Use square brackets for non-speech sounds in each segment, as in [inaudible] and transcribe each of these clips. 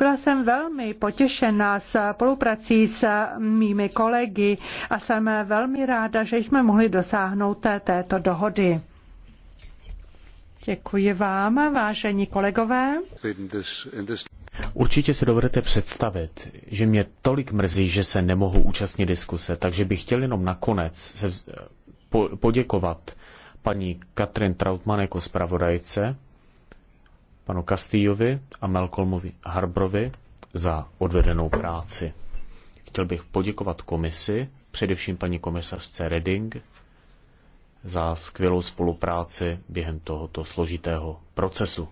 Byla jsem velmi potěšena s spoluprací s mými kolegy a jsem velmi ráda, že jsme mohli dosáhnout této dohody. Děkuji vám, vážení kolegové. Určitě se dovedete představit, že mě tolik mrzí, že se nemohu účastnit diskuse, takže bych chtěl jenom nakonec se poděkovat paní Katrin Trautmann jako zpravodajce panu Castillovi a Malcolmovi Harbrovi za odvedenou práci. Chtěl bych poděkovat komisi, především paní komisařce Reding, za skvělou spolupráci během tohoto složitého procesu.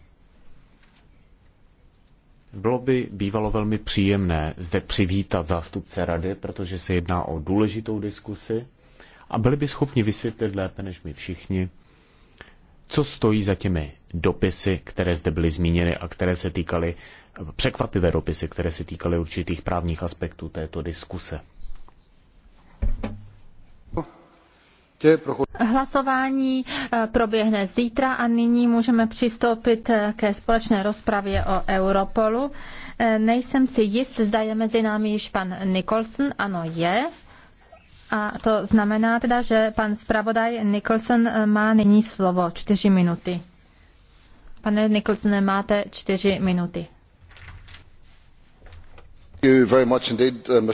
Bylo by bývalo velmi příjemné zde přivítat zástupce rady, protože se jedná o důležitou diskusi a byli by schopni vysvětlit lépe než my všichni, co stojí za těmi dopisy, které zde byly zmíněny a které se týkaly, překvapivé dopisy, které se týkaly určitých právních aspektů této diskuse. Hlasování eh, proběhne zítra a nyní můžeme přistoupit eh, ke společné rozpravě o Europolu. Eh, nejsem si jist, zda je mezi námi již pan Nicholson. Ano, je. A to znamená teda, že pan zpravodaj Nicholson má nyní slovo čtyři minuty. Pane Nicholson, máte čtyři minuty. Uh,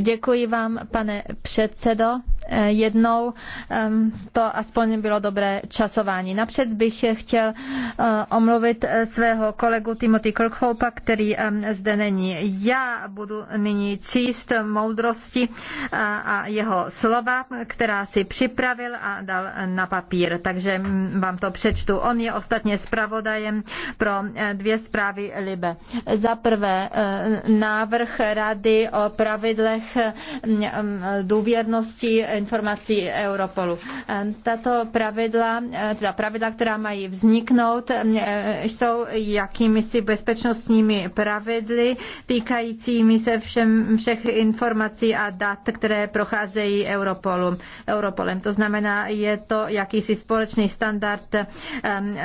Děkuji vám, pane předsedo. Eh, jednou ehm, to aspoň bylo dobré časování. Napřed bych chtěl eh, omluvit eh, svého kolegu Timothy Kirkhopa, který ehm, zde není. Já budu nyní číst moudrosti a jeho slova, která si připravil a dal na papír. Takže mm, vám to přečtu. On je ostatně zpravodajem pro dvě zprávy Libe. Za prvé na návrh Rady o pravidlech mm, mm, důvěrnosti informací Europolu. Ehm, tato pravidla, eh, teda pravidla, která mají vzniknout, ehm, eh, jsou jakýmisi bezpečnostními pravidly týkajícími se všem, všech informací a dat, které procházejí Europolu, Europolem. To znamená, je to jakýsi společný standard ehm,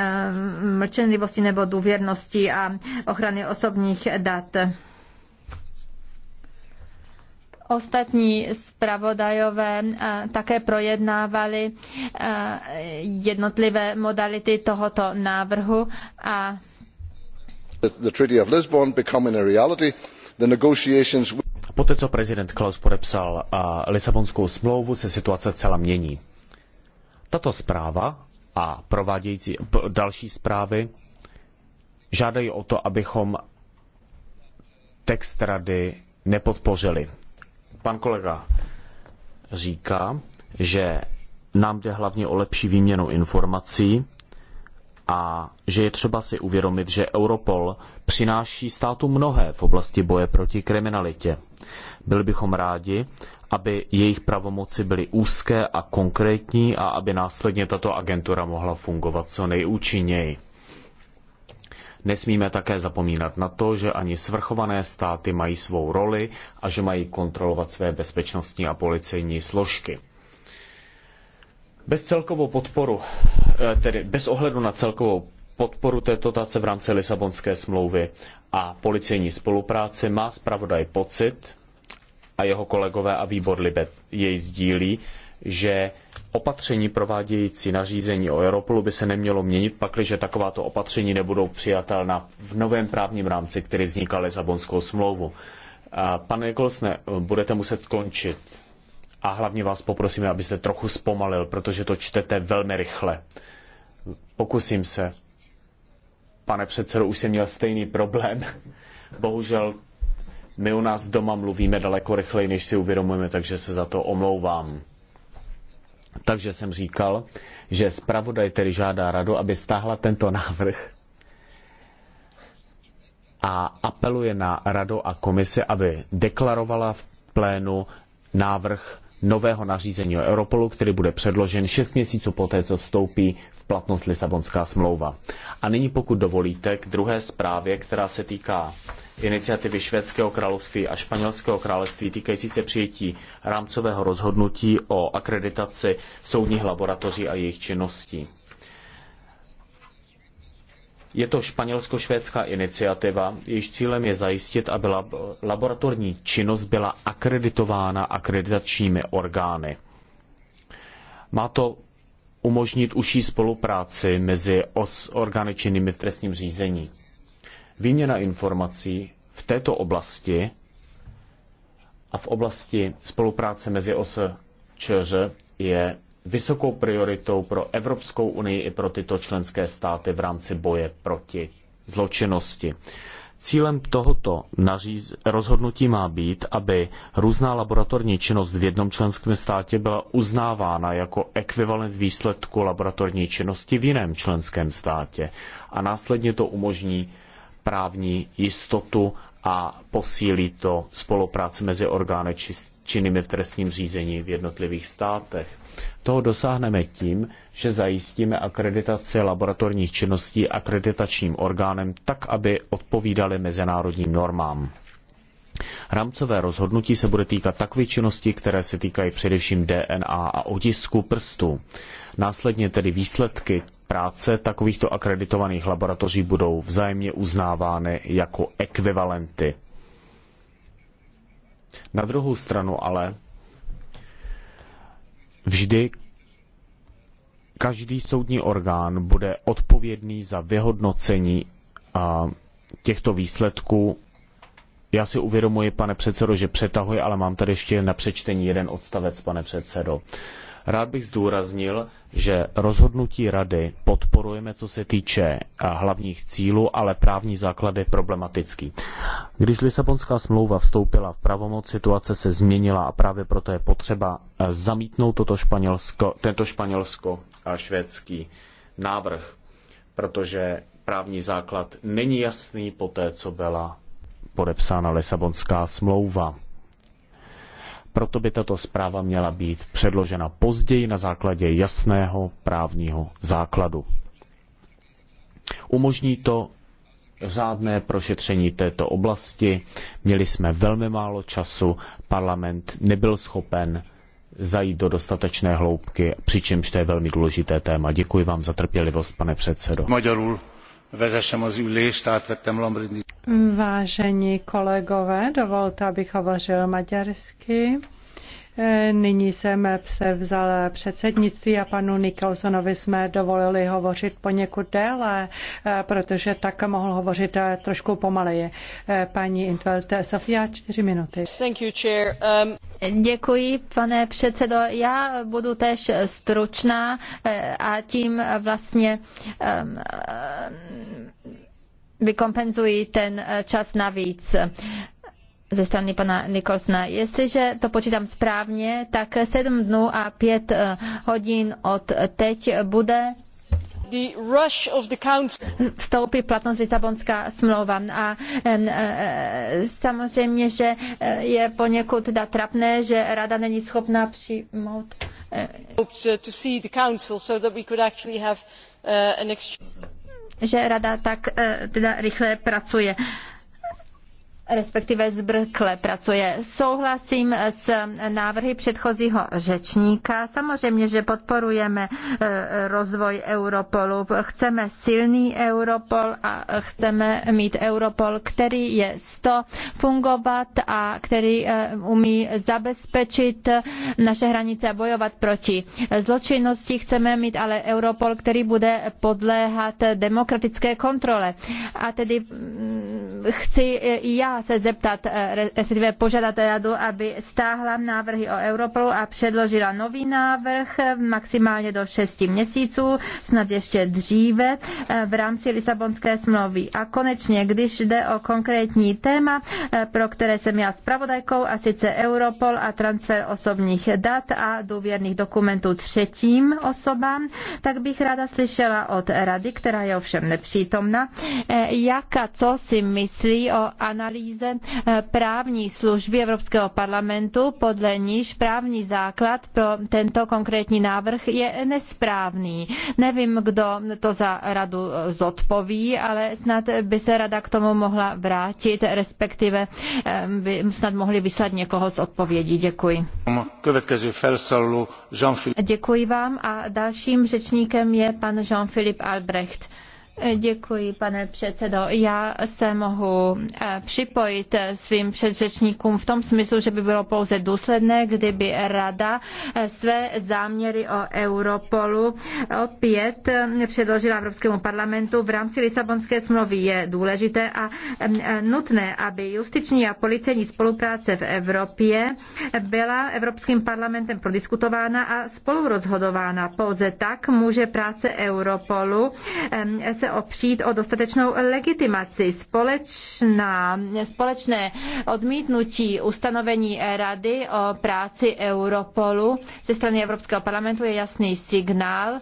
mlčenlivosti nebo důvěrnosti a ochrany osobních dat ostatní zpravodajové eh, také projednávali eh, jednotlivé modality tohoto návrhu a the Treaty of Lisbon becoming a reality, the negotiations Poté, co prezident Klaus podepsal eh, Lisabonskou smlouvu, se situace celá mění. Tato zpráva a provádějící další zprávy žádají o to, abychom text rady nepodpořili. Pan kolega říká, že nám jde hlavně o lepší výměnu informací a že je třeba si uvědomit, že Europol přináší státu mnohé v oblasti boje proti kriminalitě. Byli bychom rádi, aby jejich pravomoci byly úzké a konkrétní a aby následně tato agentura mohla fungovat co nejúčinněji. Nesmíme také zapomínat na to, že ani svrchované státy mají svou roli a že mají kontrolovat své bezpečnostní a policejní složky. Bez celkovou podporu, eh, tedy bez ohledu na celkovou podporu této dotace v rámci Lisabonské smlouvy a policejní spolupráce má zpravodaj pocit, a jeho kolegové a výbor Libet jej sdílí, že opatření provádějící nařízení o Europolu by se nemělo měnit, pakliže takováto opatření nebudou přijatelná v novém právním rámci, který vznikal Lisabonskou smlouvu. Pane Kolsne, budete muset končit. A hlavně vás poprosíme, abyste trochu zpomalil, protože to čtete velmi rychle. Pokusím se. Pane předsedo, už jsem měl stejný problém. [laughs] Bohužel my u nás doma mluvíme daleko rychleji, než si uvědomujeme, takže se za to omlouvám. Takže jsem říkal, že zpravodaj tedy žádá radu, aby stáhla tento návrh a apeluje na radu a komisi, aby deklarovala v plénu návrh nového nařízení o Europolu, který bude předložen šest měsíců poté, co vstoupí v platnost Lisabonská smlouva. A nyní, pokud dovolíte, k druhé zprávě, která se týká iniciativy Švédského království a Španělského království týkající se přijetí rámcového rozhodnutí o akreditaci soudních laboratoří a jejich činností. Je to španělsko-švédská iniciativa, jejíž cílem je zajistit, aby laboratorní činnost byla akreditována akreditačními orgány. Má to umožnit užší spolupráci mezi orgány činnými v trestním řízení výměna informací v této oblasti a v oblasti spolupráce mezi OSČR je vysokou prioritou pro Evropskou unii i pro tyto členské státy v rámci boje proti zločinnosti. Cílem tohoto naříz- rozhodnutí má být, aby různá laboratorní činnost v jednom členském státě byla uznávána jako ekvivalent výsledku laboratorní činnosti v jiném členském státě a následně to umožní právní jistotu a posílí to spolupráci mezi orgány činnými v trestním řízení v jednotlivých státech. Toho dosáhneme tím, že zajistíme akreditaci laboratorních činností akreditačním orgánem tak, aby odpovídaly mezinárodním normám. Rámcové rozhodnutí se bude týkat takových činností, které se týkají především DNA a otisku prstů. Následně tedy výsledky práce takovýchto akreditovaných laboratoří budou vzájemně uznávány jako ekvivalenty. Na druhou stranu ale vždy každý soudní orgán bude odpovědný za vyhodnocení těchto výsledků. Já si uvědomuji, pane předsedo, že přetahuji, ale mám tady ještě na přečtení jeden odstavec, pane předsedo. Rád bych zdůraznil, že rozhodnutí rady podporujeme, co se týče hlavních cílů, ale právní základ je problematický. Když Lisabonská smlouva vstoupila v pravomoc, situace se změnila a právě proto je potřeba zamítnout toto španělsko, tento španělsko-švédský návrh, protože právní základ není jasný po té, co byla podepsána Lisabonská smlouva. Proto by tato zpráva měla být předložena později na základě jasného právního základu. Umožní to řádné prošetření této oblasti. Měli jsme velmi málo času, parlament nebyl schopen zajít do dostatečné hloubky, přičemž to je velmi důležité téma. Děkuji vám za trpělivost, pane předsedo. Maďarul. Vážení kolegové, dovolte, abych hovořil maďarsky. Nyní jsem se vzal předsednictví a panu Nikolsonovi jsme dovolili hovořit poněkud déle, protože tak mohl hovořit trošku pomaleji. Paní Intveld, Sofia, čtyři minuty. Thank you, chair. Um... Děkuji, pane předsedo. Já budu tež stručná eh, a tím vlastně um, vykompenzuji ten eh, čas navíc ze strany pana Nikolsna. Jestliže to počítám správně, tak 7 dnů a 5 eh, hodin od teď bude vstoupí platnost Lisabonská smlouva. A eh, eh, samozřejmě, že je poněkud trapné, že Rada není schopná přijmout. Že Rada tak teda rychle pracuje respektive zbrkle pracuje. Souhlasím s návrhy předchozího řečníka. Samozřejmě, že podporujeme e, rozvoj Europolu. Chceme silný Europol a chceme mít Europol, který je sto fungovat a který e, umí zabezpečit naše hranice a bojovat proti zločinnosti. Chceme mít ale Europol, který bude podléhat demokratické kontrole. A tedy mm, chci já chtěla se zeptat, eh, respektive požádat radu, aby stáhla návrhy o Europolu a předložila nový návrh maximálně do 6 měsíců, snad ještě dříve eh, v rámci Lisabonské smlouvy. A konečně, když jde o konkrétní téma, eh, pro které jsem já zpravodajkou, a sice Europol a transfer osobních dat a důvěrných dokumentů třetím osobám, tak bych ráda slyšela od rady, která je ovšem nepřítomna, jak a co si myslí o analýze analýze eh, právní služby Evropského parlamentu, podle níž právní základ pro tento konkrétní návrh je nesprávný. Nevím, kdo to za radu eh, zodpoví, ale snad by se rada k tomu mohla vrátit, respektive eh, by snad mohli vyslat někoho z odpovědí. Děkuji. Děkuji vám a dalším řečníkem je pan Jean-Philippe Albrecht. Děkuji, pane předsedo. Já se mohu eh, připojit eh, svým předřečníkům v tom smyslu, že by bylo pouze důsledné, kdyby Rada eh, své záměry o Europolu opět předložila Evropskému parlamentu. V rámci Lisabonské smlouvy je důležité a nutné, aby justiční a policejní spolupráce v Evropě byla Evropským parlamentem prodiskutována a spolurozhodována. Pouze tak může práce Europolu se se opřít o dostatečnou legitimaci. Společná, společné odmítnutí ustanovení Rady o práci Europolu ze strany Evropského parlamentu je jasný signál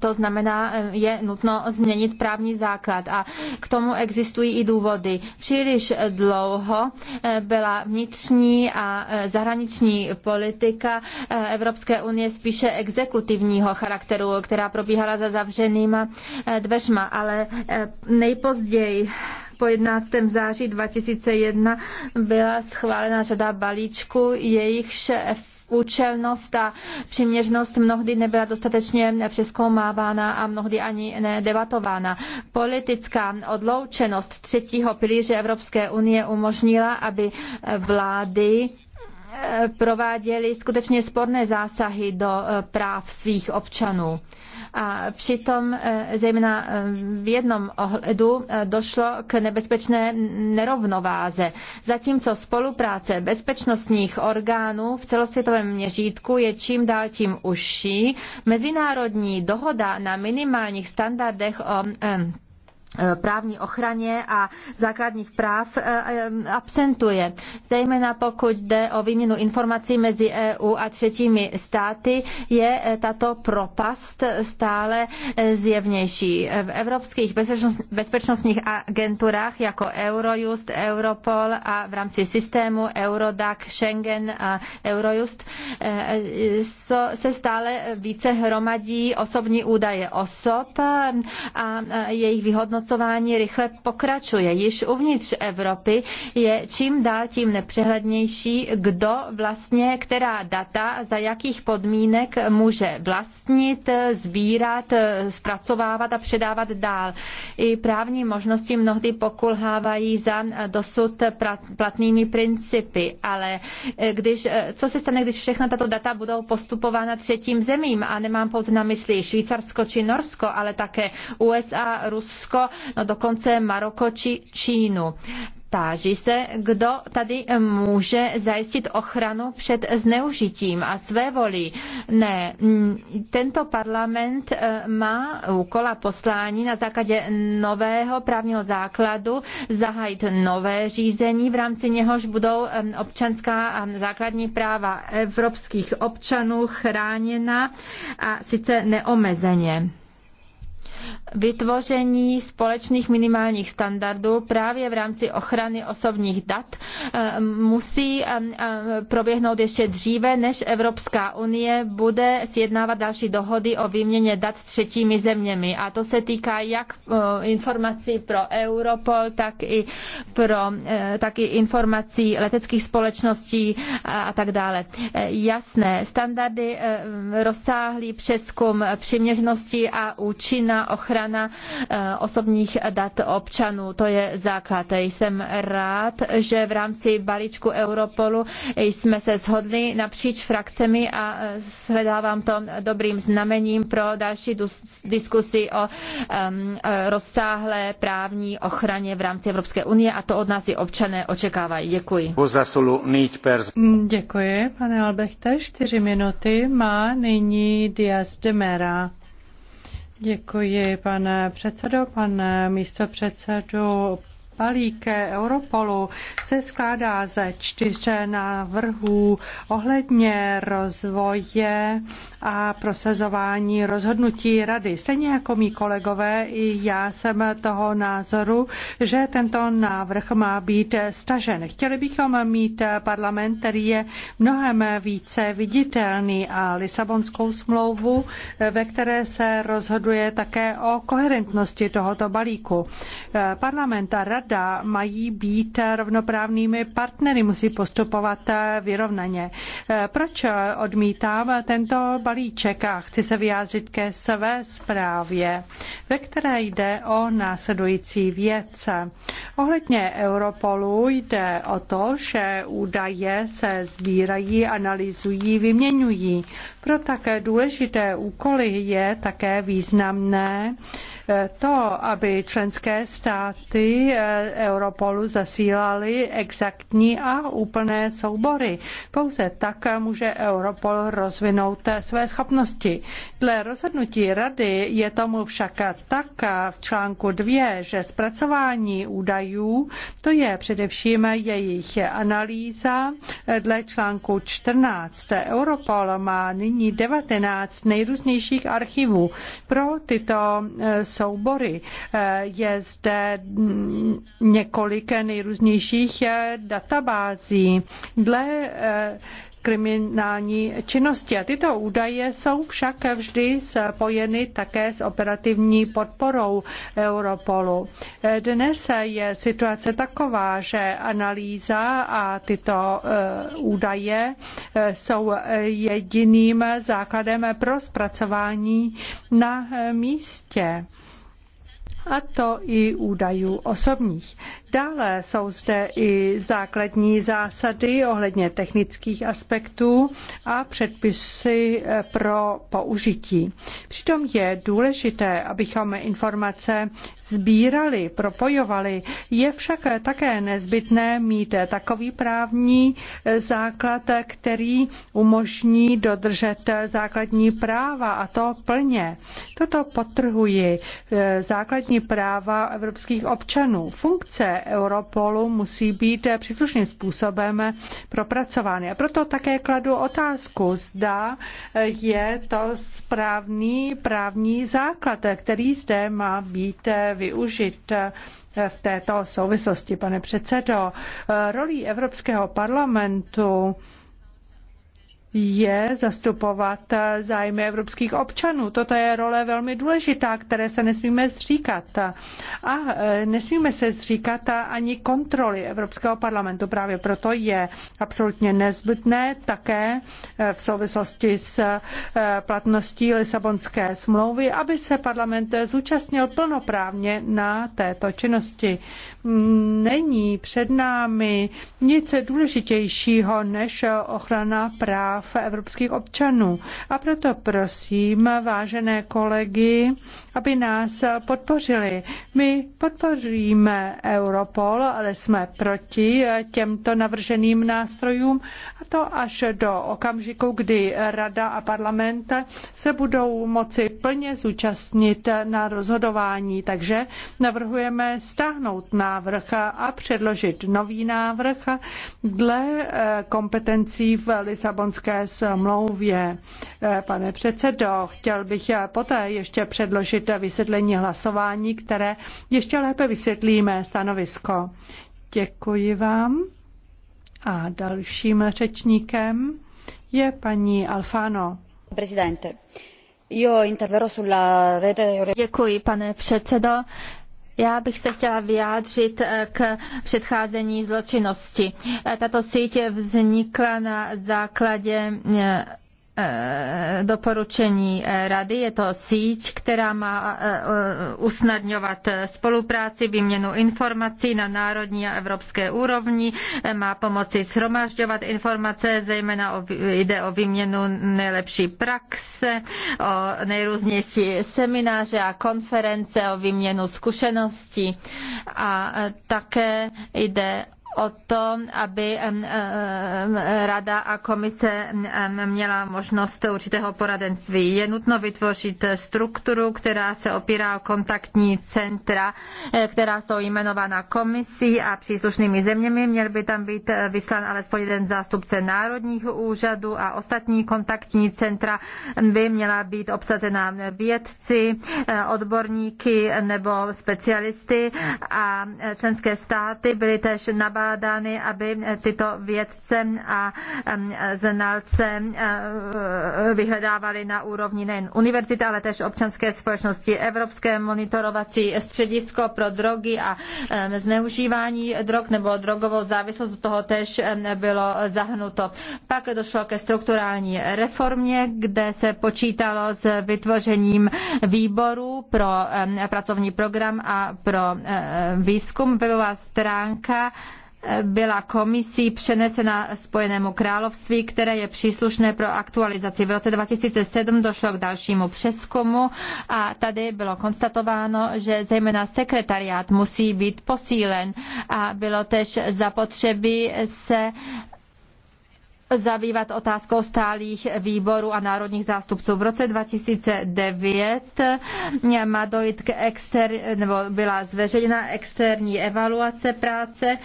to znamená, je nutno změnit právní základ a k tomu existují i důvody. Příliš dlouho eh, byla vnitřní a eh, zahraniční politika eh, Evropské unie spíše exekutivního charakteru, která probíhala za zavřenýma dveřma, ale nejpozději po 11. září 2001 byla schválena řada balíčků, jejichž účelnost a přiměřnost mnohdy nebyla dostatečně přeskoumávána a mnohdy ani nedebatována. Politická odloučenost třetího pilíře Evropské unie umožnila, aby vlády eh, prováděly skutečně sporné zásahy do eh, práv svých občanů. A přitom e, zejména e, v jednom ohledu e, došlo k nebezpečné nerovnováze. Zatímco spolupráce bezpečnostních orgánů v celosvětovém měřítku je čím dál tím užší, mezinárodní dohoda na minimálních standardech o Eh, právní ochraně a základních práv eh, eh, absentuje. Zejména pokud jde o výměnu informací mezi EU a třetími státy, je tato propast stále zjevnější. V evropských bezpečnostních agenturách jako Eurojust, Europol a v rámci systému Eurodac, Schengen a Eurojust se stále více hromadí osobní údaje osob a jejich vyhodnocení vyhodnocování rychle pokračuje. Již uvnitř Evropy je čím dál tím nepřehlednější, kdo vlastně, která data, za jakých podmínek může vlastnit, sbírat, zpracovávat a předávat dál. I právní možnosti mnohdy pokulhávají za dosud platnými principy, ale eh, když, eh, co se stane, když všechna tato data budou postupována třetím zemím a nemám pouze na mysli Švýcarsko či Norsko, ale také USA, Rusko, no dokonce Maroko či Čínu. Táží se, kdo tady může zajistit ochranu před zneužitím a své volí. Ne, mm, tento parlament e, má úkol a poslání na základě nového právního základu zahájit nové řízení, v rámci něhož budou e, občanská a základní práva evropských občanů chráněna a sice neomezeně vytvoření společných minimálních standardů právě v rámci ochrany osobních dat eh, musí eh, eh, proběhnout ještě dříve, než Evropská unie bude sjednávat další dohody o výměně dat s třetími zeměmi. A to se týká jak informací pro Europol, tak i, pro, tak i informací leteckých společností a tak dále. Jasné, standardy rozsáhlý přeskum přiměřenosti a účinná ochrana eh, osobních dat občanů. To je základ. Jsem rád, že v rámci balíčku Europolu jsme se shodli napříč frakcemi a eh, shledávám to dobrým znamením pro další diskusi o eh, rozsáhlé právní ochraně v rámci Evropské unie a to od nás i občané očekávají. Děkuji. Děkuji, pane Albechte. Čtyři minuty má nyní Diaz de Mera. Děkuji, pane předsedo, pane místopředsedu balík Europolu se skládá ze čtyř návrhů ohledně rozvoje a prosazování rozhodnutí rady. Stejně jako mý kolegové, i já jsem toho názoru, že tento návrh má být stažen. Chtěli bychom mít parlament, který je mnohem více viditelný a Lisabonskou smlouvu, ve které se rozhoduje také o koherentnosti tohoto balíku. Parlament a rada rada mají být rovnoprávnými partnery, musí postupovat eh, vyrovnaně. Eh, proč odmítám tento balíček a chci se vyjádřit ke své zprávě, ve které jde o následující věc. Ohledně Europolu jde o to, že údaje se sbírají, analyzují, vyměňují. Pro také důležité úkoly je také významné eh, to, aby členské státy Europolu zasílali exaktní a úplné soubory. Pouze tak může Europol rozvinout své schopnosti. Dle rozhodnutí rady je tomu však tak v článku 2, že zpracování údajů, to je především jejich analýza, dle článku 14 Europol má nyní 19 nejrůznějších archivů pro tyto soubory. Je zde několik nejrůznějších eh, databází dle eh, kriminální činnosti. A tyto údaje jsou však vždy spojeny také s operativní podporou Europolu. Eh, dnes je situace taková, že analýza a tyto údaje jsou jediným základem pro zpracování na místě a to i údajů osobních. Dále jsou zde i základní zásady ohledně technických aspektů a předpisy eh, pro použití. Přitom je důležité, abychom informace sbírali, propojovali. Je však také nezbytné mít takový právní eh, základ, který umožní dodržet základní práva a to plně. Toto potrhuji. Eh, základní základní práva evropských občanů. Funkce Europolu musí být příslušným způsobem propracovány. A proto také kladu otázku, zda je to správný právní základ, který zde má být využit v této souvislosti, pane předsedo. Rolí Evropského parlamentu je zastupovat zájmy evropských občanů. Toto je role velmi důležitá, které se nesmíme zříkat. A e, nesmíme se zříkat ani kontroly Evropského parlamentu. Právě proto je absolutně nezbytné také e, v souvislosti s e, platností Lisabonské smlouvy, aby se parlament zúčastnil plnoprávně na této činnosti. Není před námi nic důležitějšího než ochrana práv práv evropských občanů. A proto prosím vážené kolegy, aby nás podpořili. My podpoříme Europol, ale jsme proti těmto navrženým nástrojům a to až do okamžiku, kdy Rada a parlament se budou moci plně zúčastnit na rozhodování. Takže navrhujeme stáhnout návrh a předložit nový návrh dle kompetencí v Lisabonské ke smlouvě. Eh, pane předsedo, chtěl bych eh, poté ještě předložit eh, vysvětlení hlasování, které ještě lépe vysvětlí mé stanovisko. Děkuji vám. A dalším řečníkem je paní Alfano. Prezidente. Děkuji, pane předsedo. Já bych se chtěla vyjádřit eh, k předcházení zločinnosti. Eh, tato síť vznikla na základě eh, Eh, doporučení eh, rady. Je to síť, která má eh, usnadňovat spolupráci, výměnu informací na národní a evropské úrovni, má pomoci shromažďovat informace, zejména o, jde o výměnu nejlepší praxe, o nejrůznější semináře a konference, o výměnu zkušeností a také jde o to, aby Rada a komise měla možnost určitého poradenství. Je nutno vytvořit strukturu, která se opírá o kontaktní centra, eh, která jsou jmenována komisí a příslušnými zeměmi. Měl by tam být eh, vyslán alespoň jeden zástupce národních úřadů a ostatní kontaktní centra by měla být obsazena vědci, eh, odborníky nebo specialisty a členské státy byly tež nabádány žádány, aby tyto vědce a znalce vyhledávali na úrovni nejen univerzity, ale též občanské společnosti. Evropské monitorovací středisko pro drogy a zneužívání drog nebo drogovou závislost do toho též bylo zahnuto. Pak došlo ke strukturální reformě, kde se počítalo s vytvořením výboru pro pracovní program a pro výzkum. Webová stránka byla komisí přenesena Spojenému království, které je příslušné pro aktualizaci. V roce 2007 došlo k dalšímu přeskumu a tady bylo konstatováno, že zejména sekretariát musí být posílen a bylo tež zapotřebí se zabývat otázkou stálých výborů a národních zástupců. V roce 2009 má dojít k exter, nebo byla zveřejněna externí evaluace práce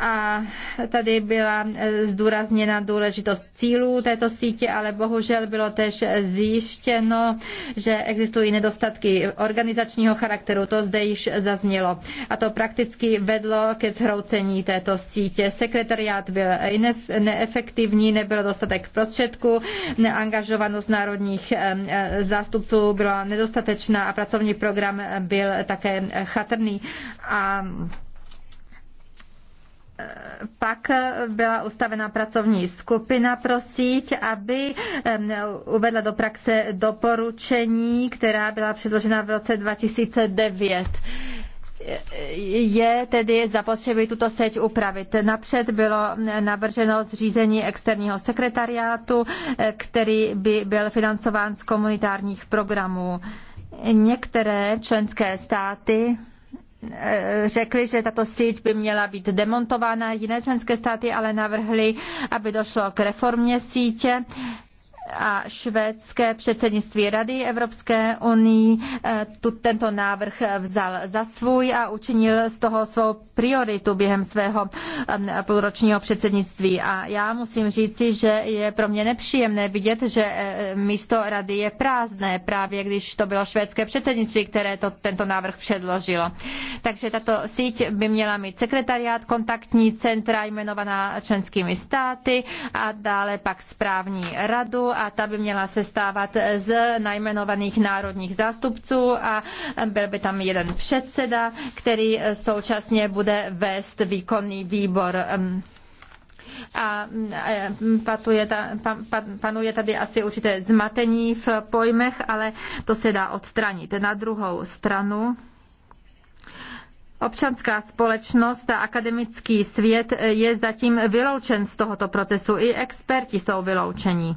a tady byla eh, zdůrazněna důležitost cílů této sítě, ale bohužel bylo tež zjištěno, že existují nedostatky organizačního charakteru, to zde již zaznělo. A to prakticky vedlo ke zhroucení této sítě. Sekretariát byl neefektivní, nebyl dostatek prostředků, neangažovanost národních eh, eh, zástupců byla nedostatečná a pracovní program byl také chatrný. A pak byla ustavena pracovní skupina pro síť, aby uvedla do praxe doporučení, která byla předložena v roce 2009 je tedy zapotřebí tuto seť upravit. Napřed bylo navrženo zřízení externího sekretariátu, který by byl financován z komunitárních programů. Některé členské státy Eh, řekli, že tato síť by měla být demontována. Jiné členské státy ale navrhly, aby došlo k reformě sítě a švédské předsednictví Rady Evropské unii eh, tu, tento návrh vzal za svůj a učinil z toho svou prioritu během svého ehm, půlročního předsednictví. A já musím říci, že je pro mě nepříjemné vidět, že eh, místo Rady je prázdné, právě když to bylo švédské předsednictví, které to, tento návrh předložilo. Takže tato síť by měla mít sekretariát, kontaktní centra jmenovaná členskými státy a dále pak správní radu a ta by měla sestávat z najmenovaných národních zástupců a byl by tam jeden předseda, který současně bude vést výkonný výbor a panuje tady asi určité zmatení v pojmech, ale to se dá odstranit. Na druhou stranu Občanská společnost a akademický svět je zatím vyloučen z tohoto procesu. I experti jsou vyloučeni.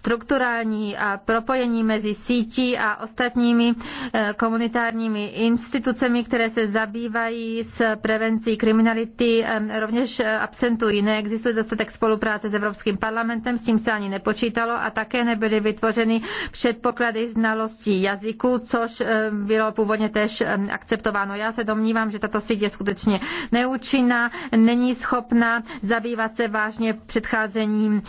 strukturální a propojení mezi sítí a ostatními eh, komunitárními institucemi, které se zabývají s prevencí kriminality, eh, rovněž eh, absentují. Neexistuje dostatek spolupráce s Evropským parlamentem, s tím se ani nepočítalo a také nebyly vytvořeny předpoklady znalostí jazyku, což bylo původně tež akceptováno. Já se domnívám, že tato síť je skutečně neúčinná, není schopná zabývat se vážně předcházením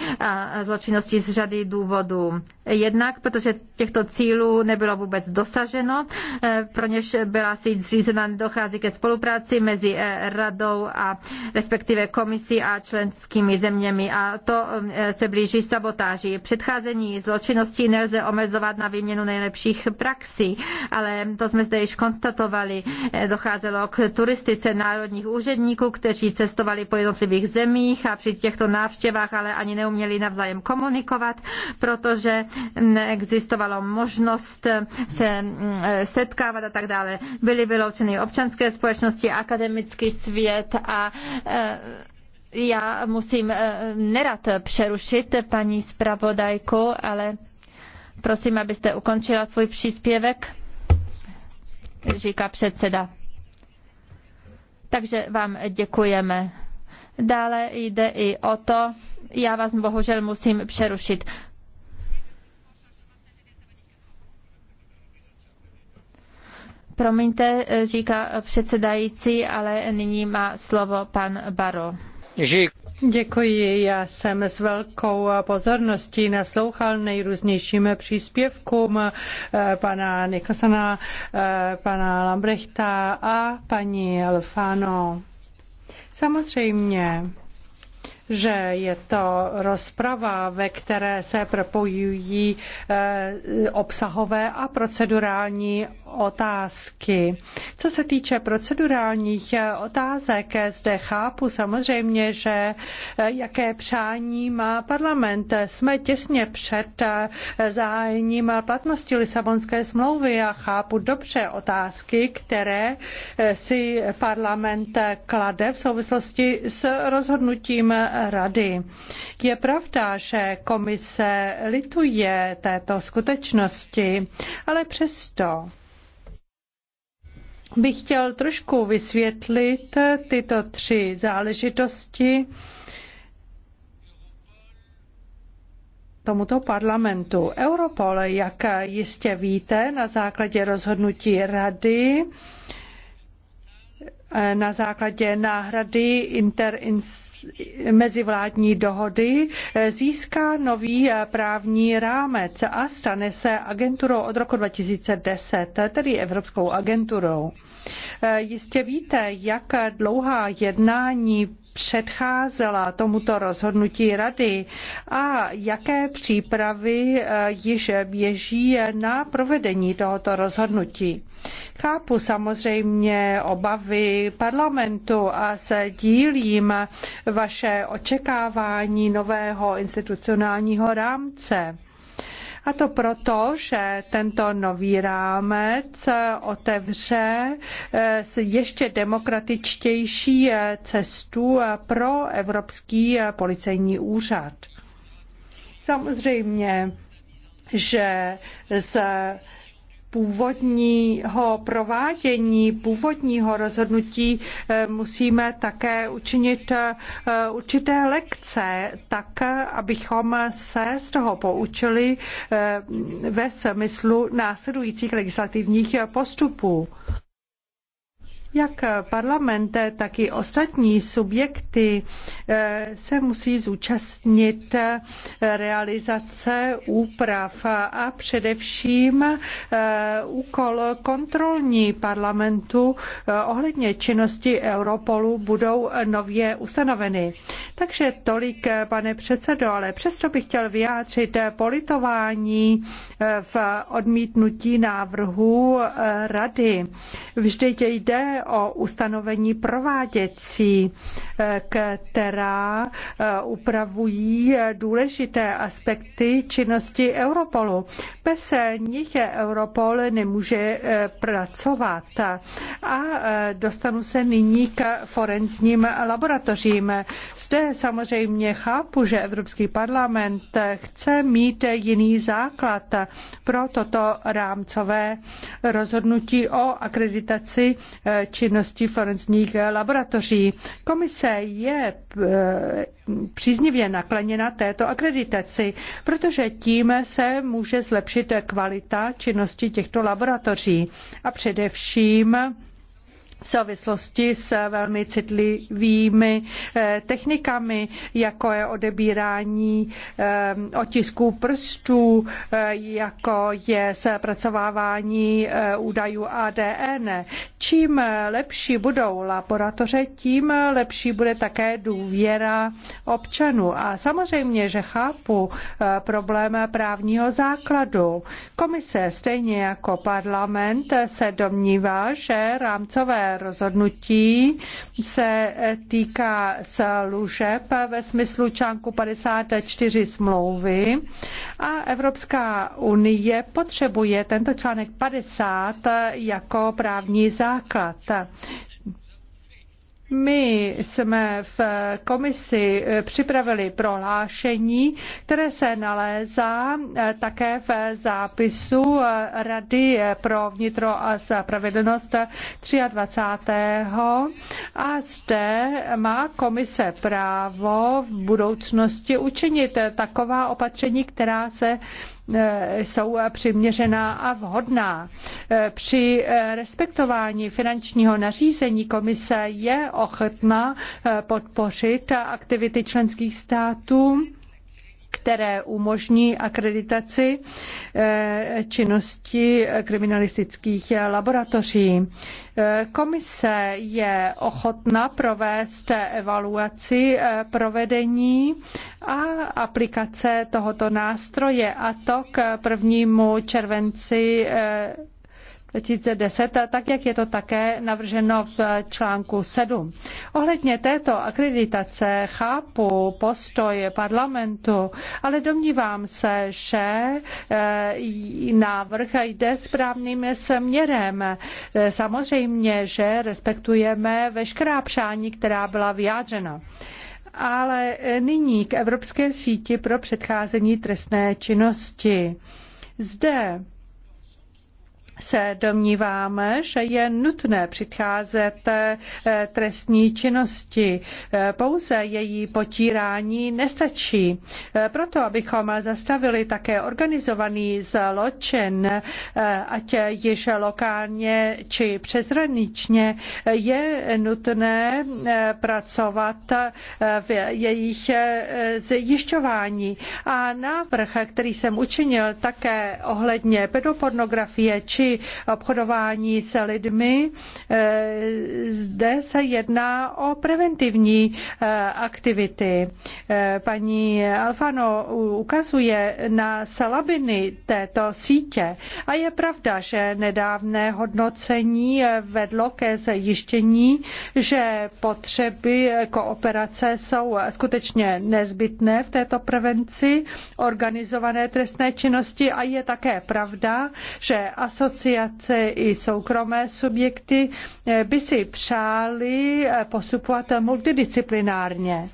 zločinnosti z řady důvodů důvodů. Jednak, protože těchto cílů nebylo vůbec dosaženo, eh, pro něž byla síť zřízena, dochází ke spolupráci mezi eh, radou a respektive komisí a členskými zeměmi a to mm, eh, se blíží sabotáži. Předcházení zločinnosti nelze omezovat na výměnu nejlepších praxí, ale to jsme zde již konstatovali. Docházelo k turistice národních úředníků, kteří cestovali po jednotlivých zemích a při těchto návštěvách ale ani neuměli navzájem komunikovat protože neexistovalo možnost se eh, setkávat a tak dále. Byly vyloučeny občanské společnosti, akademický svět a eh, já musím eh, nerad přerušit paní zpravodajku, ale prosím, abyste ukončila svůj příspěvek, říká předseda. Takže vám děkujeme. Dále jde i o to, já vás bohužel musím přerušit. Promiňte, říká předsedající, ale nyní má slovo pan Baro. Děkuji, já jsem s velkou pozorností naslouchal nejrůznějším příspěvkům eh, pana Nikosana, eh, pana Lambrechta a paní Alfano. Samozřejmě, že je to rozprava, ve které se propojují eh, obsahové a procedurální otázky. Co se týče procedurálních eh, otázek, zde chápu samozřejmě, že eh, jaké přání má parlament. Jsme těsně před zahájením platnosti Lisabonské smlouvy a chápu dobře otázky, které si parlament klade v souvislosti s rozhodnutím rady. Je pravda, že komise lituje této skutečnosti, ale přesto bych chtěl trošku vysvětlit tyto tři záležitosti tomuto parlamentu. Europol, jak jistě víte, na základě rozhodnutí rady na základě náhrady interinstitucionální mezivládní dohody eh, získá nový eh, právní rámec a stane se agenturou od roku 2010, tedy Evropskou agenturou. Eh, jistě víte, jak dlouhá jednání předcházela tomuto rozhodnutí rady a jaké přípravy eh, již běží na provedení tohoto rozhodnutí. Chápu samozřejmě obavy parlamentu a se dílím vaše očekávání nového institucionálního rámce. A to proto, že tento nový rámec otevře eh, ještě demokratičtější eh, cestu eh, pro Evropský policejní úřad. Samozřejmě, že se původního provádění, původního rozhodnutí eh, musíme také učinit eh, určité lekce, tak abychom se z toho poučili eh, ve smyslu následujících legislativních postupů. Jak parlament, tak i ostatní subjekty eh, se musí zúčastnit eh, realizace úprav a především eh, úkol kontrolní parlamentu ohledně činnosti Europolu budou nově ustanoveny. Takže tolik, pane předsedo, ale přesto bych chtěl vyjádřit politování v odmítnutí návrhu rady. Vždyť jde o ustanovení prováděcí, eh, která eh, upravují eh, důležité aspekty činnosti Europolu. Bez nich Europol nemůže pracovat. A dostanu se nyní k forenzním laboratořím. Zde samozřejmě chápu, že Evropský parlament chce mít jiný základ pro toto rámcové rozhodnutí o akreditaci činnosti forenzních eh, laboratoří. Komise je eh, příznivě nakleněna této akreditaci, protože tím se může zlepšit kvalita činnosti těchto laboratoří a především v souvislosti s velmi citlivými eh, technikami, jako je odebírání eh, otisků prstů, eh, jako je zpracovávání údajů ADN. Čím lepší budou laboratoře, tím lepší bude také důvěra občanů. A samozřejmě, že chápu problém právního základu. Komise stejně jako parlament se domnívá, že rámcové rozhodnutí se týká služeb ve smyslu článku 54 smlouvy a Evropská unie potřebuje tento článek 50 jako právní základ. My jsme v komisi eh, připravili prohlášení, které se nalézá eh, také v zápisu eh, Rady pro vnitro a spravedlnost 23. A zde má komise právo v budoucnosti učinit taková opatření, která se Eh, jsou přiměřená a vhodná. Eh, při eh, respektování finančního nařízení komise je ochotná podpořit aktivity členských států které umožní akreditaci eh, činnosti kriminalistických laboratoří. Eh, komise je ochotna provést evaluaci eh, provedení a aplikace tohoto nástroje a to k prvnímu červenci 2010, tak jak je to také navrženo v článku 7. Ohledně této akreditace chápu postoj parlamentu, ale domnívám se, že eh, návrh jde správným směrem. Eh, samozřejmě, že respektujeme veškerá přání, která byla vyjádřena. Ale eh, nyní k Evropské síti pro předcházení trestné činnosti. Zde se domníváme, že je nutné přicházet eh, trestní činnosti. Eh, pouze její potírání nestačí. Eh, proto, abychom zastavili také organizovaný zločin, ať již lokálně či přeshraničně, je nutné pracovat v jejich zjišťování. A návrh, který jsem učinil také ohledně pedopornografie či obchodování se lidmi. Eh, zde se jedná o preventivní eh, aktivity. Eh, paní Alfano ukazuje na slabiny této sítě a je pravda, že nedávné hodnocení vedlo ke zjištění, že potřeby kooperace jsou skutečně nezbytné v této prevenci organizované trestné činnosti a je také pravda, že asociace asociace i soukromé subjekty eh, by si přáli eh, postupovat multidisciplinárně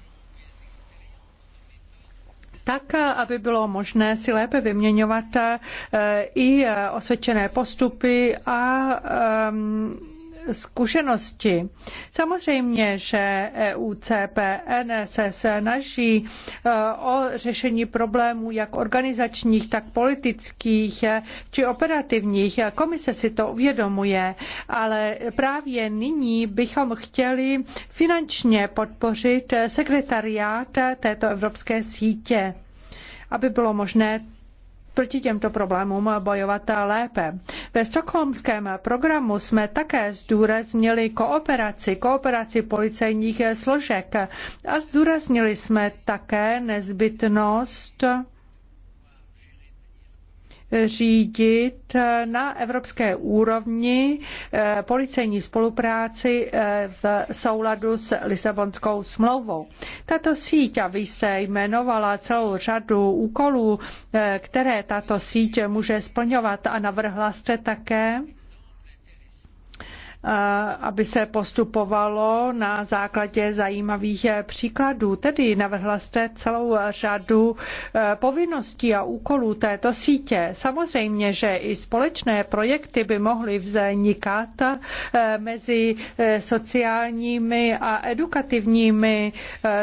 tak, eh, aby bylo možné si lépe vyměňovat i osvědčené postupy a ehm, zkušenosti. Samozřejmě, že EUCPN se naší e, o řešení problémů jak organizačních, tak politických e, či operativních. Komise si to uvědomuje, ale právě nyní bychom chtěli finančně podpořit sekretariát této evropské sítě aby bylo možné proti těmto problémům bojovat lépe. Ve stokholmském programu jsme také zdůraznili kooperaci, kooperaci policejních složek a zdůraznili jsme také nezbytnost řídit na evropské úrovni eh, policejní spolupráci eh, v souladu s Lisabonskou smlouvou. Tato síť, a vy se jmenovala celou řadu úkolů, eh, které tato síť může splňovat a navrhla jste také Eh, aby se postupovalo na základě zajímavých eh, příkladů. Tedy navrhla jste celou řadu eh, povinností a úkolů této sítě. Samozřejmě, že i společné projekty by mohly vznikat mezi sociálními a edukativními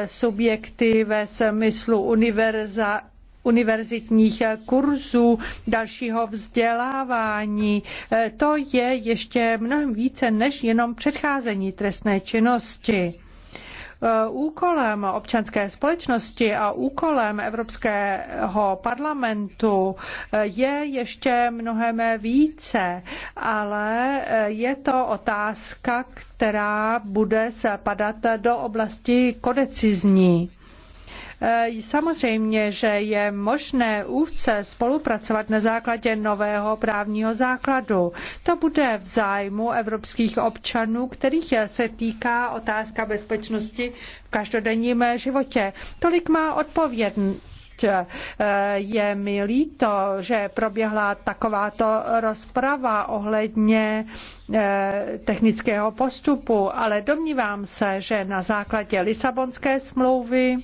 subjekty ve smyslu univerza, univerzitních kurzů, dalšího vzdělávání. E, to je ještě mnohem více než jenom předcházení trestné činnosti e, úkolem občanské společnosti a úkolem Evropského parlamentu e, je ještě mnohem více, ale je to otázka, která bude spadat do oblasti kodecizní. Eh, samozřejmě, že je možné úzce spolupracovat na základě nového právního základu. To bude v zájmu evropských občanů, kterých se týká otázka bezpečnosti v každodenním eh, životě. Tolik má odpověď eh, je mi líto, že proběhla takováto rozprava ohledně technického postupu, ale domnívám se, že na základě Lisabonské smlouvy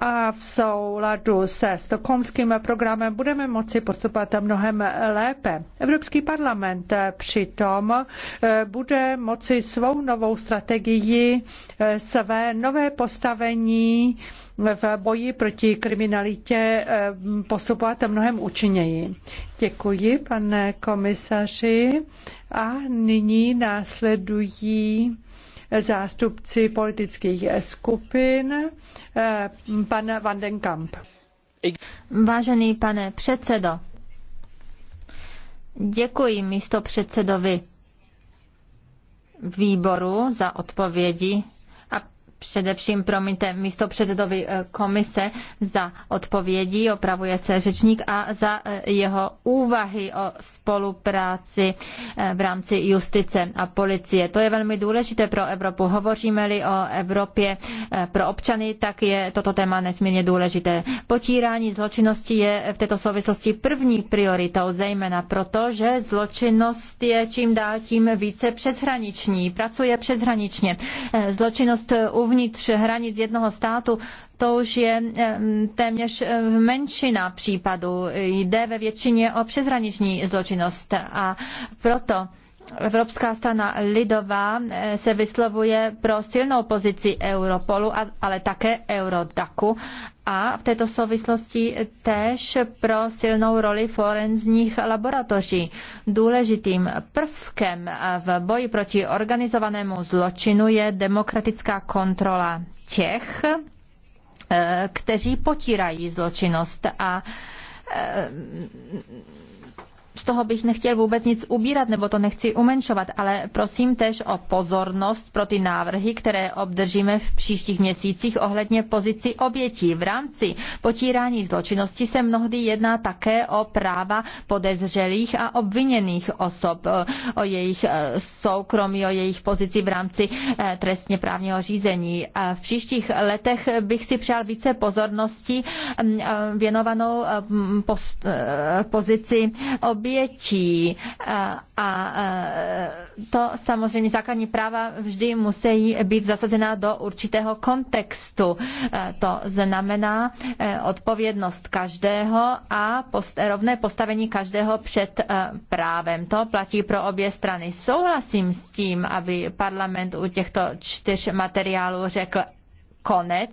a v souladu se stokholmským programem budeme moci postupovat mnohem lépe. Evropský parlament eh, přitom eh, bude moci svou novou strategii, eh, své nové postavení v boji proti kriminalitě postupovat mnohem účinněji. Děkuji, pane komisaři. A nyní následují zástupci politických skupin. Eh, pan Vandenkamp. Vážený pane předsedo, děkuji místo předsedovi výboru za odpovědi především, promiňte, místo předsedovi eh, komise za odpovědi, opravuje se řečník, a za eh, jeho úvahy o spolupráci eh, v rámci justice a policie. To je velmi důležité pro Evropu. Hovoříme-li o Evropě pro občany, tak je toto téma nesmírně důležité. Potírání zločinnosti je v této souvislosti první prioritou, zejména proto, že zločinnost je čím dál tím více přeshraniční, pracuje přeshraničně. Zločinnost uvnitř uvnitř hranic jednoho státu, to už je téměř menšina případů. Jde ve většině o přeshraniční zločinnost a proto Evropská strana lidová eh, se vyslovuje pro silnou pozici Europolu, ale také Eurodaku a v této souvislosti též pro silnou roli forenzních laboratoří. Důležitým prvkem v boji proti organizovanému zločinu je demokratická kontrola těch, eh, kteří potírají zločinnost a eh, z toho bych nechtěl vůbec nic ubírat, nebo to nechci umenšovat, ale prosím tež o pozornost pro ty návrhy, které obdržíme v příštích měsících ohledně pozici obětí. V rámci potírání zločinnosti se mnohdy jedná také o práva podezřelých a obviněných osob, o jejich eh, soukromí, o jejich pozici v rámci eh, trestně právního řízení. V příštích letech bych si přál více pozornosti mm, eh, věnovanou pozici obětí obětí eh, a eh, to samozřejmě základní práva vždy musí být zasazena do určitého kontextu. Eh, to znamená odpovědnost každého a post, rovné postavení každého před právem. To platí pro obě strany. Souhlasím s tím, aby parlament u těchto čtyř materiálů řekl konec.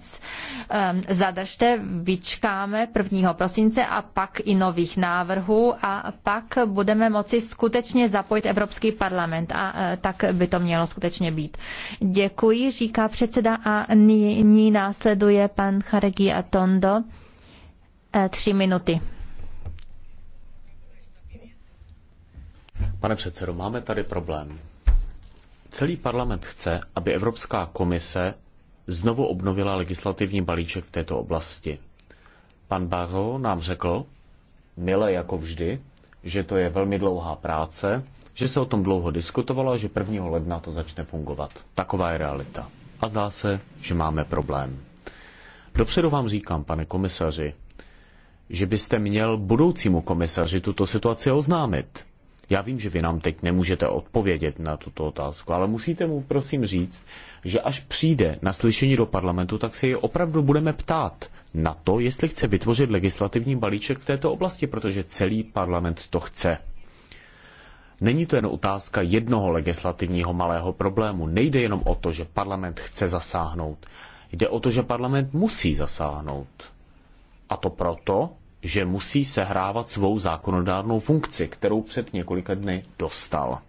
Ehm, Zadržte, vyčkáme 1. prosince a pak i nových návrhů a pak budeme moci skutečně zapojit Evropský parlament a e, tak by to mělo skutečně být. Děkuji, říká předseda a nyní následuje pan Charegi Atondo. E, tři minuty. Pane předsedo, máme tady problém. Celý parlament chce, aby Evropská komise znovu obnovila legislativní balíček v této oblasti. Pan Baro nám řekl, mile jako vždy, že to je velmi dlouhá práce, že se o tom dlouho diskutovalo a že 1. ledna to začne fungovat. Taková je realita. A zdá se, že máme problém. Dopředu vám říkám, pane komisaři, že byste měl budoucímu komisaři tuto situaci oznámit. Já vím, že vy nám teď nemůžete odpovědět na tuto otázku, ale musíte mu prosím říct, že až přijde na slyšení do parlamentu, tak si je opravdu budeme ptát na to, jestli chce vytvořit legislativní balíček v této oblasti, protože celý parlament to chce. Není to jen otázka jednoho legislativního malého problému. Nejde jenom o to, že parlament chce zasáhnout. Jde o to, že parlament musí zasáhnout. A to proto, že musí sehrávat svou zákonodárnou funkci, kterou před několika dny dostal.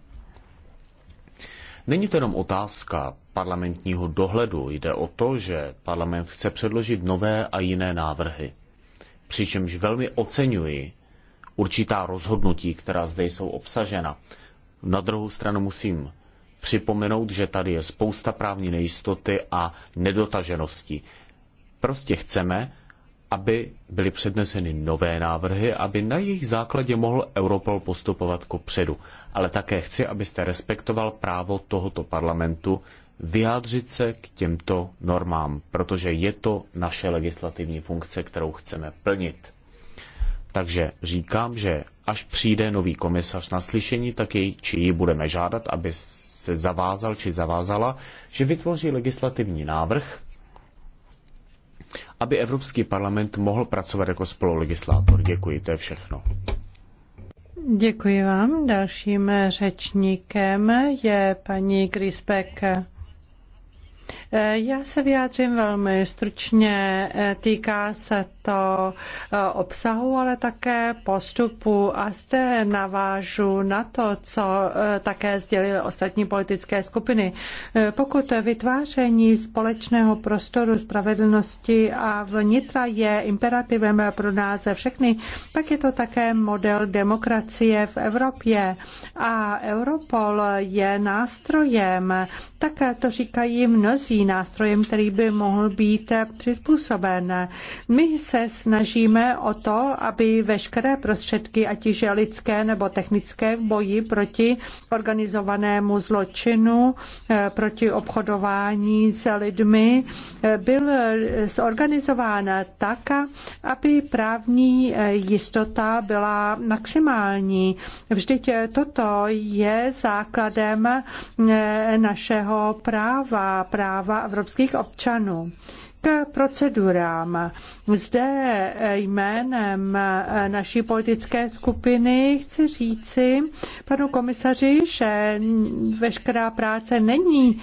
Není to jenom otázka parlamentního dohledu, jde o to, že parlament chce předložit nové a jiné návrhy. Přičemž velmi oceňuji určitá rozhodnutí, která zde jsou obsažena. Na druhou stranu musím připomenout, že tady je spousta právní nejistoty a nedotaženosti. Prostě chceme, aby byly předneseny nové návrhy, aby na jejich základě mohl Europol postupovat ku předu. Ale také chci, abyste respektoval právo tohoto parlamentu vyjádřit se k těmto normám, protože je to naše legislativní funkce, kterou chceme plnit. Takže říkám, že až přijde nový komisař na slyšení, tak jej či ji budeme žádat, aby se zavázal či zavázala, že vytvoří legislativní návrh, aby Evropský parlament mohl pracovat jako spolulegislátor. Děkuji, to je všechno. Děkuji vám. Dalším řečníkem je paní Grisbeck. Eh, já se vyjádřím velmi stručně. Eh, týká se to eh, obsahu, ale také postupu a zde navážu na to, co také sdělili ostatní politické skupiny. Pokud vytváření společného prostoru spravedlnosti a vnitra je imperativem pro nás všechny, pak je to také model demokracie v Evropě a Europol je nástrojem. Také to říkají mnozí mrzí nástrojem, který by mohl být přizpůsoben. My se snažíme o to, aby veškeré prostředky, ať již lidské nebo technické v boji proti organizovanému zločinu, eh, proti obchodování s lidmi, eh, byl eh, zorganizován tak, aby právní jistota byla maximální. Vždyť toto je základem našeho práva, práva práva evropských občanů k procedurám. Zde jménem naší politické skupiny chci říci panu komisaři, že veškerá práce není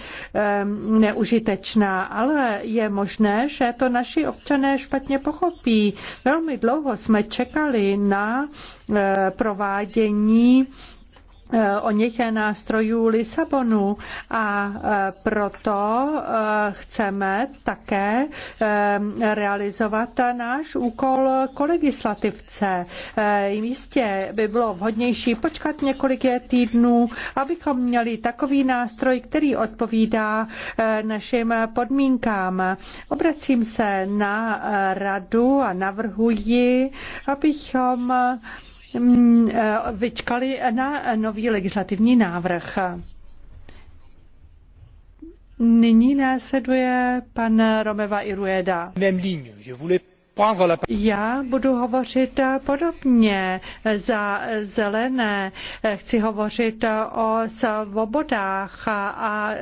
neužitečná, ale je možné, že to naši občané špatně pochopí. Velmi dlouho jsme čekali na eh, provádění Eh, o nich nástrojů Lisabonu a eh, proto eh, chceme také realizovat náš úkol kolegislativce. Jistě by bylo vhodnější počkat několik týdnů, abychom měli takový nástroj, který odpovídá našim podmínkám. Obracím se na radu a navrhuji, abychom E, vyčkali na nový legislativní návrh. Nyní následuje pan Romeva Irueda. Já budu hovořit podobně za zelené. E, chci hovořit o svobodách a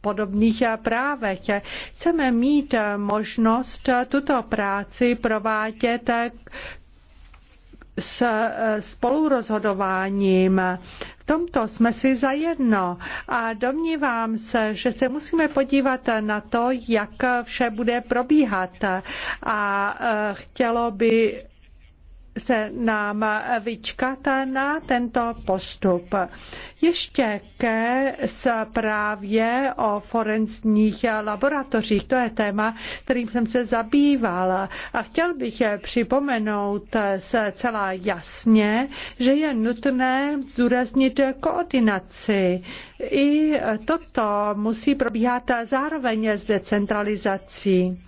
podobných právech. Chceme mít možnost tuto práci provádět s eh, spolurozhodováním. V tomto jsme si zajedno a domnívám se, že se musíme podívat na to, jak vše bude probíhat. A eh, chtělo by se nám vyčkat na tento postup. Ještě ke zprávě o forenzních laboratořích. To je téma, kterým jsem se zabývala. A chtěl bych připomenout se celá jasně, že je nutné zdůraznit koordinaci. I toto musí probíhat zároveň s decentralizací.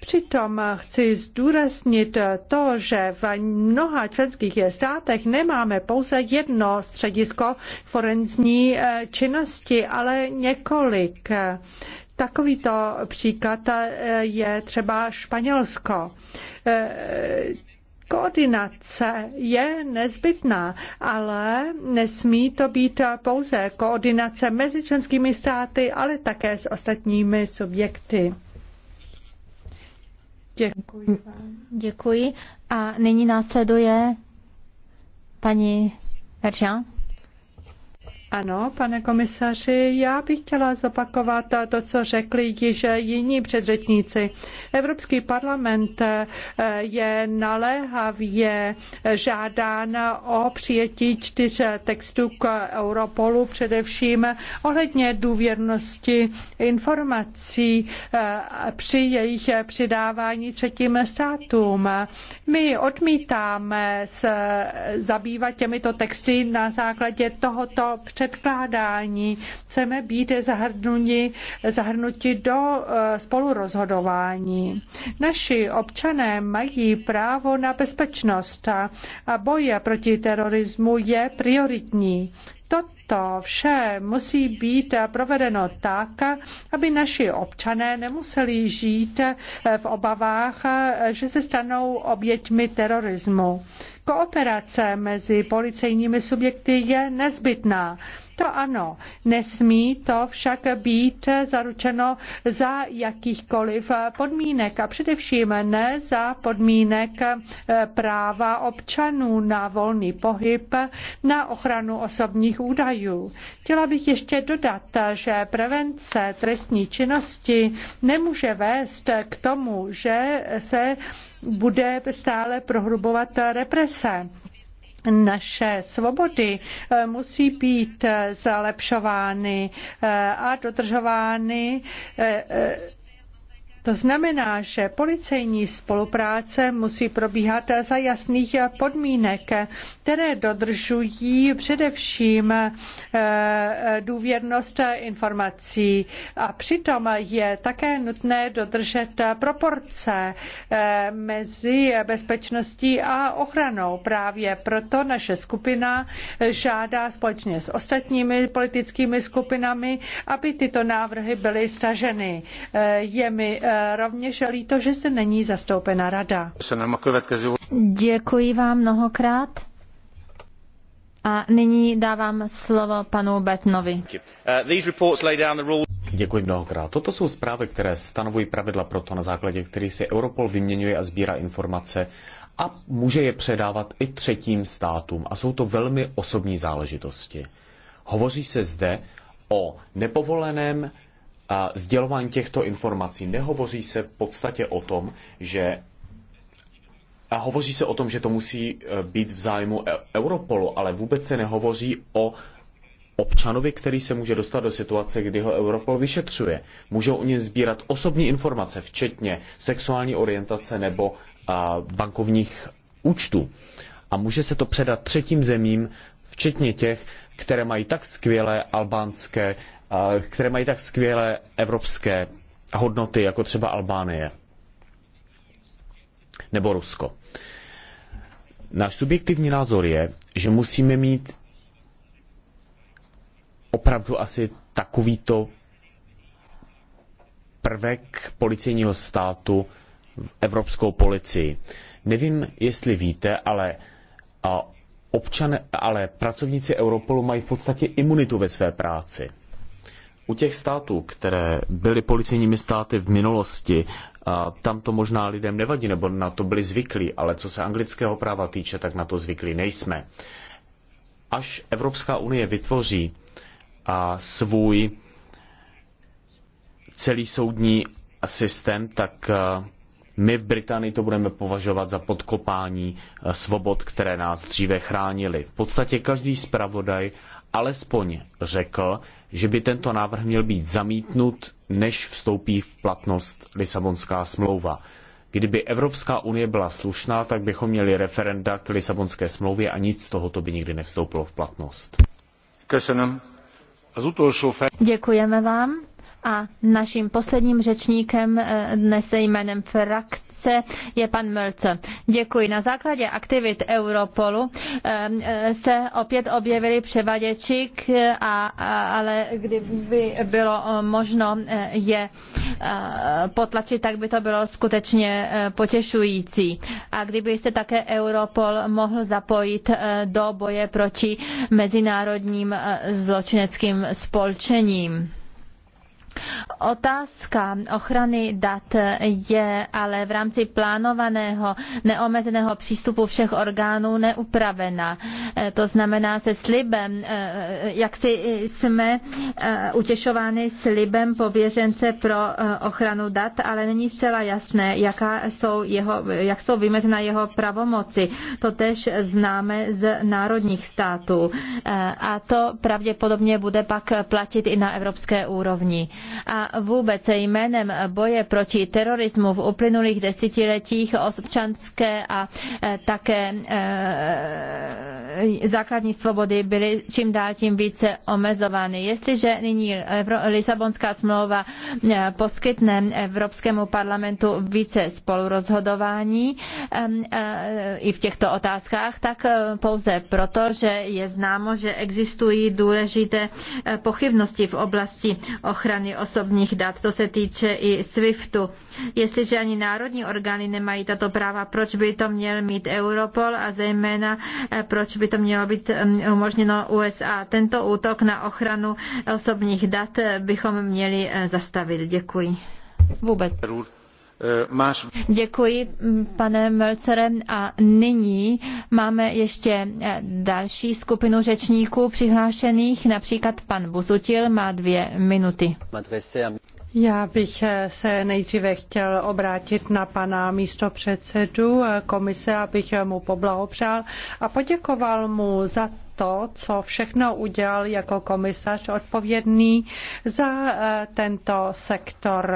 Přitom chci zdůraznit to, že v mnoha členských státech nemáme pouze jedno středisko forenzní eh, činnosti, ale několik. Takovýto příklad eh, je třeba Španělsko. Eh, koordinace je nezbytná, ale nesmí to být pouze koordinace mezi členskými státy, ale také s ostatními subjekty. Děkuji. Děkuji. A nyní následuje paní Veržan. Ano, pane komisaři, já bych chtěla zopakovat to, co řekli již jiní předřečníci. Evropský parlament eh, je naléhavě žádán o přijetí čtyř textů k Europolu, především ohledně důvěrnosti informací eh, při jejich přidávání třetím státům. My odmítáme zabývat těmito texty na základě tohoto předkládání. Chceme být zahrnuti, zahrnuti do eh, spolurozhodování. Naši občané mají právo na bezpečnost a boj proti terorismu je prioritní. Toto vše musí být provedeno tak, aby naši občané nemuseli žít eh, v obavách, eh, že se stanou oběťmi terorismu. Kooperace mezi policejními subjekty je nezbytná. To ano, nesmí to však být zaručeno za jakýchkoliv podmínek a především ne za podmínek eh, práva občanů na volný pohyb, na ochranu osobních údajů. Chtěla bych ještě dodat, že prevence trestní činnosti nemůže vést k tomu, že se bude stále prohrubovat represe naše svobody eh, musí být eh, zalepšovány eh, a dodržovány to znamená, že policejní spolupráce musí probíhat za jasných podmínek, které dodržují především eh, důvěrnost informací. A přitom je také nutné dodržet proporce eh, mezi bezpečností a ochranou. Právě proto naše skupina žádá společně s ostatními politickými skupinami, aby tyto návrhy byly staženy. Eh, je mi rovněž líto, že se není zastoupena rada. Děkuji vám mnohokrát. A nyní dávám slovo panu Betnovi. Děkuji mnohokrát. Toto jsou zprávy, které stanovují pravidla pro to, na základě kterých si Europol vyměňuje a sbírá informace a může je předávat i třetím státům. A jsou to velmi osobní záležitosti. Hovoří se zde o nepovoleném sdělování těchto informací. Nehovoří se v podstatě o tom, že a hovoří se o tom, že to musí e, být v zájmu e- Europolu, ale vůbec se nehovoří o občanovi, který se může dostat do situace, kdy ho Europol vyšetřuje. Můžou o něm sbírat osobní informace, včetně sexuální orientace nebo bankovních účtů. A může se to předat třetím zemím, včetně těch, které mají tak skvělé albánské které mají tak skvělé evropské hodnoty, jako třeba Albánie nebo Rusko. Náš subjektivní názor je, že musíme mít opravdu asi takovýto prvek policejního státu v evropskou policii. Nevím, jestli víte, ale občan, ale pracovníci Europolu mají v podstatě imunitu ve své práci. U těch států, které byly policejními státy v minulosti, tam to možná lidem nevadí, nebo na to byli zvyklí, ale co se anglického práva týče, tak na to zvyklí nejsme. Až Evropská unie vytvoří svůj celý soudní systém, tak my v Británii to budeme považovat za podkopání svobod, které nás dříve chránily. V podstatě každý zpravodaj alespoň řekl, že by tento návrh měl být zamítnut, než vstoupí v platnost Lisabonská smlouva. Kdyby Evropská unie byla slušná, tak bychom měli referenda k Lisabonské smlouvě a nic z tohoto by nikdy nevstoupilo v platnost. Děkujeme vám. A naším posledním řečníkem eh, dnes jménem frakce je pan Mlce. Děkuji. Na základě aktivit Europolu eh, eh, se opět objevili převaděči, a, ale kdyby bylo možno je potlačit, tak by to bylo skutečně potěšující. A kdyby se také Europol mohl zapojit do boje proti mezinárodním zločineckým spolčením. Otázka ochrany dat je ale v rámci plánovaného neomezeného přístupu všech orgánů neupravena. E, to znamená se slibem, e, jak si jsme e, utěšovány slibem pověřence pro ochranu dat, ale není zcela jasné, jaká jsou jeho, jak jsou vymezena jeho pravomoci. To tež známe z národních států. A to pravděpodobně bude pak platit i na evropské úrovni a vůbec jménem boje proti terorismu v uplynulých desetiletích občanské a eh, také eh, základní svobody byly čím dál tím více omezovány. Jestliže nyní Lisabonská smlouva eh, poskytne Evropskému parlamentu více spolurozhodování i v těchto otázkách, tak pouze proto, že je známo, že existují důležité pochybnosti v oblasti ochrany ochrany osobních dat. To se týče i SWIFTu. Jestliže ani národní orgány nemají tato práva, proč by to měl mít Europol a zejména eh, proč by to mělo být mm, umožněno USA? Tento útok na ochranu osobních dat eh, bychom měli eh, zastavit. Děkuji. Vůbec. Eh, Děkuji, mm, pane Melcere. A nyní máme ještě eh, další skupinu řečníků přihlášených, například pan Buzutil má dvě minuty. Já bych eh, se nejdříve chtěl obrátit na pana místopředsedu komise, abych mu poblahopřál a poděkoval mu za to, co všechno udělal jako komisař odpovědný za tento sektor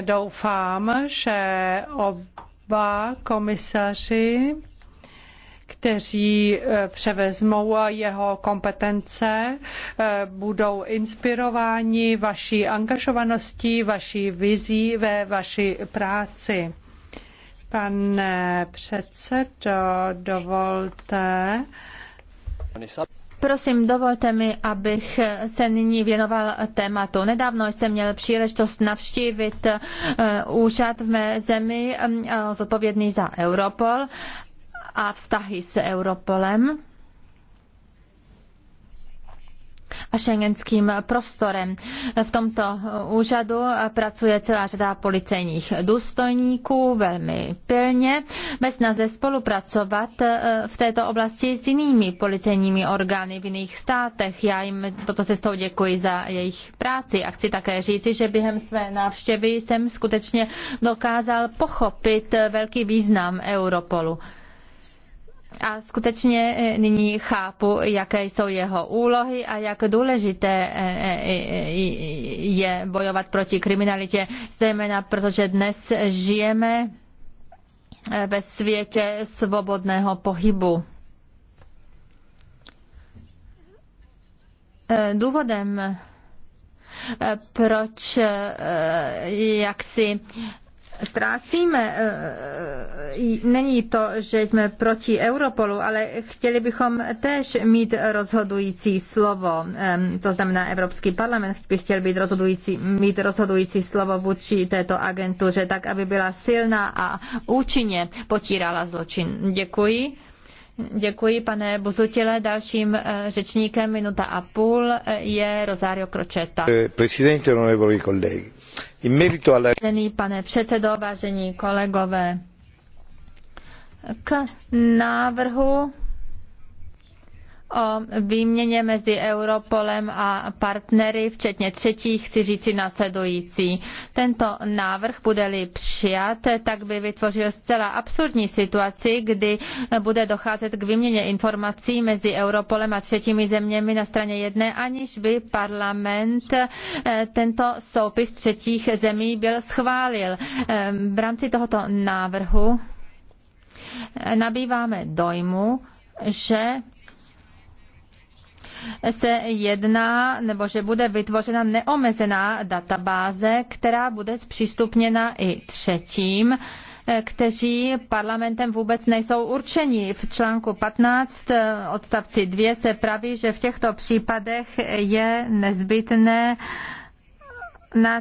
Doufám, že oba komisaři kteří eh, převezmou jeho kompetence, eh, budou inspirováni vaší angažovaností, vaší vizí ve vaší práci. Pane předsedo, dovolte, Prosím, dovolte mi, abych se nyní věnoval tématu. Nedávno jsem měl příležitost navštívit eh, úřad v mé zemi eh, zodpovědný za Europol a vztahy s Europolem a šengenským prostorem. V tomto úřadu pracuje celá řada policejních důstojníků velmi pilně, bez naze spolupracovat eh, v této oblasti s jinými policejními orgány v jiných státech. Já jim toto cestou děkuji za jejich práci a chci také říci, že během své návštěvy jsem skutečně dokázal pochopit eh, velký význam Europolu a skutečně e, nyní chápu, jaké jsou jeho úlohy a jak důležité e, e, je bojovat proti kriminalitě, zejména protože dnes žijeme ve světě svobodného pohybu. Důvodem proč jaksi ztrácíme, eh, eh, není to, že jsme proti Europolu, ale chtěli bychom též mít rozhodující slovo. To znamená, Evropský parlament by chtěl být rozhodující, mít rozhodující slovo vůči této agentuře, tak aby byla silná a účinně potírala zločin. Děkuji. Děkuji, pane Bozutile. Dalším eh, řečníkem minuta a půl eh, je Rosario Crocetta. Eh, presidente, onorevoli colleghi. In merito alla... Vážený pane předsedo, vážení kolegové, k návrhu o výměně mezi Europolem a partnery, včetně třetích, chci říci následující. Tento návrh bude-li přijat, tak by vytvořil zcela absurdní situaci, kdy bude docházet k výměně informací mezi Europolem a třetími zeměmi na straně jedné, aniž by parlament eh, tento soupis třetích zemí byl schválil. Eh, v rámci tohoto návrhu eh, nabýváme dojmu, že se jedná nebo že bude vytvořena neomezená databáze, která bude zpřístupněna i třetím eh, kteří parlamentem vůbec nejsou určeni. V článku 15 eh, odstavci 2 se praví, že v těchto případech je nezbytné na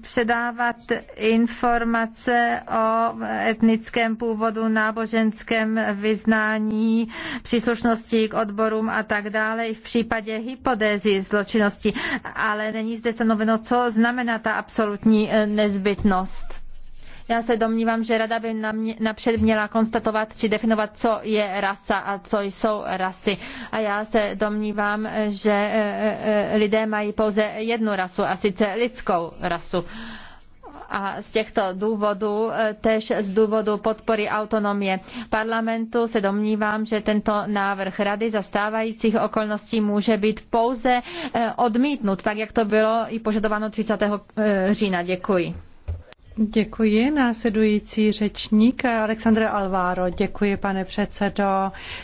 předávat informace o etnickém původu, náboženském vyznání, příslušnosti k odborům a tak dále i v případě hypotézy zločinnosti, ale není zde stanoveno, co znamená ta absolutní nezbytnost. Já se domnívám, že rada by napřed měla konstatovat či definovat, co je rasa a co jsou rasy. A já se domnívám, že e, e, e, lidé mají pouze jednu rasu, a sice lidskou rasu a z těchto důvodů, tež z důvodu podpory autonomie parlamentu se domnívám, že tento návrh rady za stávajících okolností může být pouze odmítnut, tak jak to bylo i požadováno 30. října. Děkuji. Děkuji. Následující řečník Alexandra Alvaro. Děkuji, pane předsedo.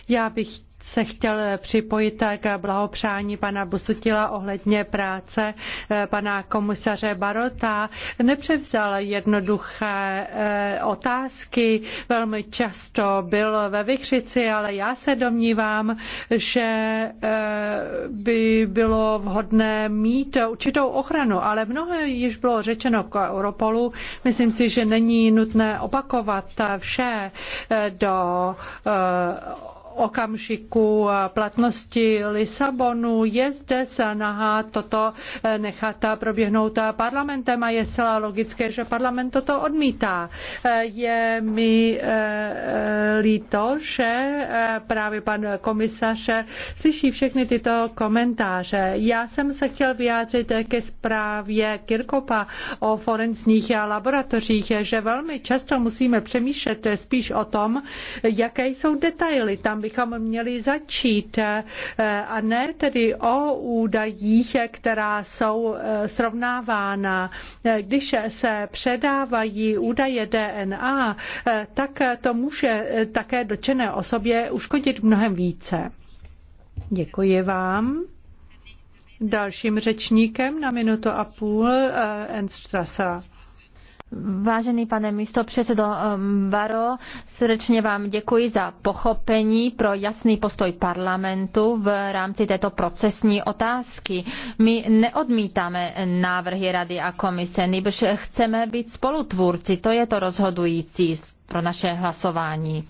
Já bych se chtěl připojit k blahopřání pana Busutila ohledně práce eh, pana komisaře Barota. Nepřevzal jednoduché eh, otázky, velmi často byl ve Vychřici, ale já se domnívám, že eh, by bylo vhodné mít určitou ochranu, ale mnohé již bylo řečeno k Europolu. Myslím si, že není nutné opakovat vše do okamžiku platnosti Lisabonu je zde snaha toto eh, nechat proběhnout parlamentem a je zcela logické, že parlament toto odmítá. Eh, je mi eh, líto, že právě pan komisař slyší všechny tyto komentáře. Já jsem se chtěl vyjádřit ke zprávě Kirkopa o forenzních laboratořích, že velmi často musíme přemýšlet spíš o tom, jaké jsou detaily. Tam bychom měli začít eh, a ne tedy o údajích, která jsou eh, srovnávána. Eh, když se předávají údaje DNA, tak to může také dočené osobě uškodit mnohem více. Děkuji vám. Dalším řečníkem na minutu a půl Enstrasa. Vážený pane místo předsedo Baro, um, srdečně vám děkuji za pochopení pro jasný postoj parlamentu v rámci této procesní otázky. My neodmítáme návrhy Rady a komise, nebož chceme být spolutvůrci, to je to rozhodující pro naše hlasování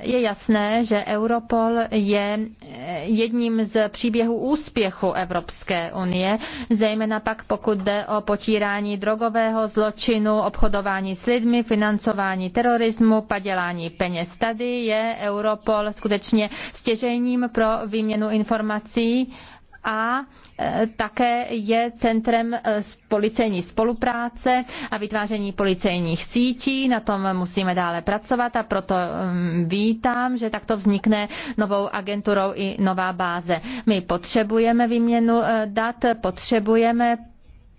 je jasné, že Europol je eh, jedním z příběhů úspěchu Evropské unie, zejména pak pokud jde o potírání drogového zločinu, obchodování s lidmi, financování terorismu, padělání peněz. Tady je Europol skutečně stěžejním pro výměnu informací a e, také je centrem e, policejní spolupráce a vytváření policejních sítí. Na tom musíme dále pracovat a proto mm, vítám, že takto vznikne novou agenturou i nová báze. My potřebujeme výměnu e, dat, potřebujeme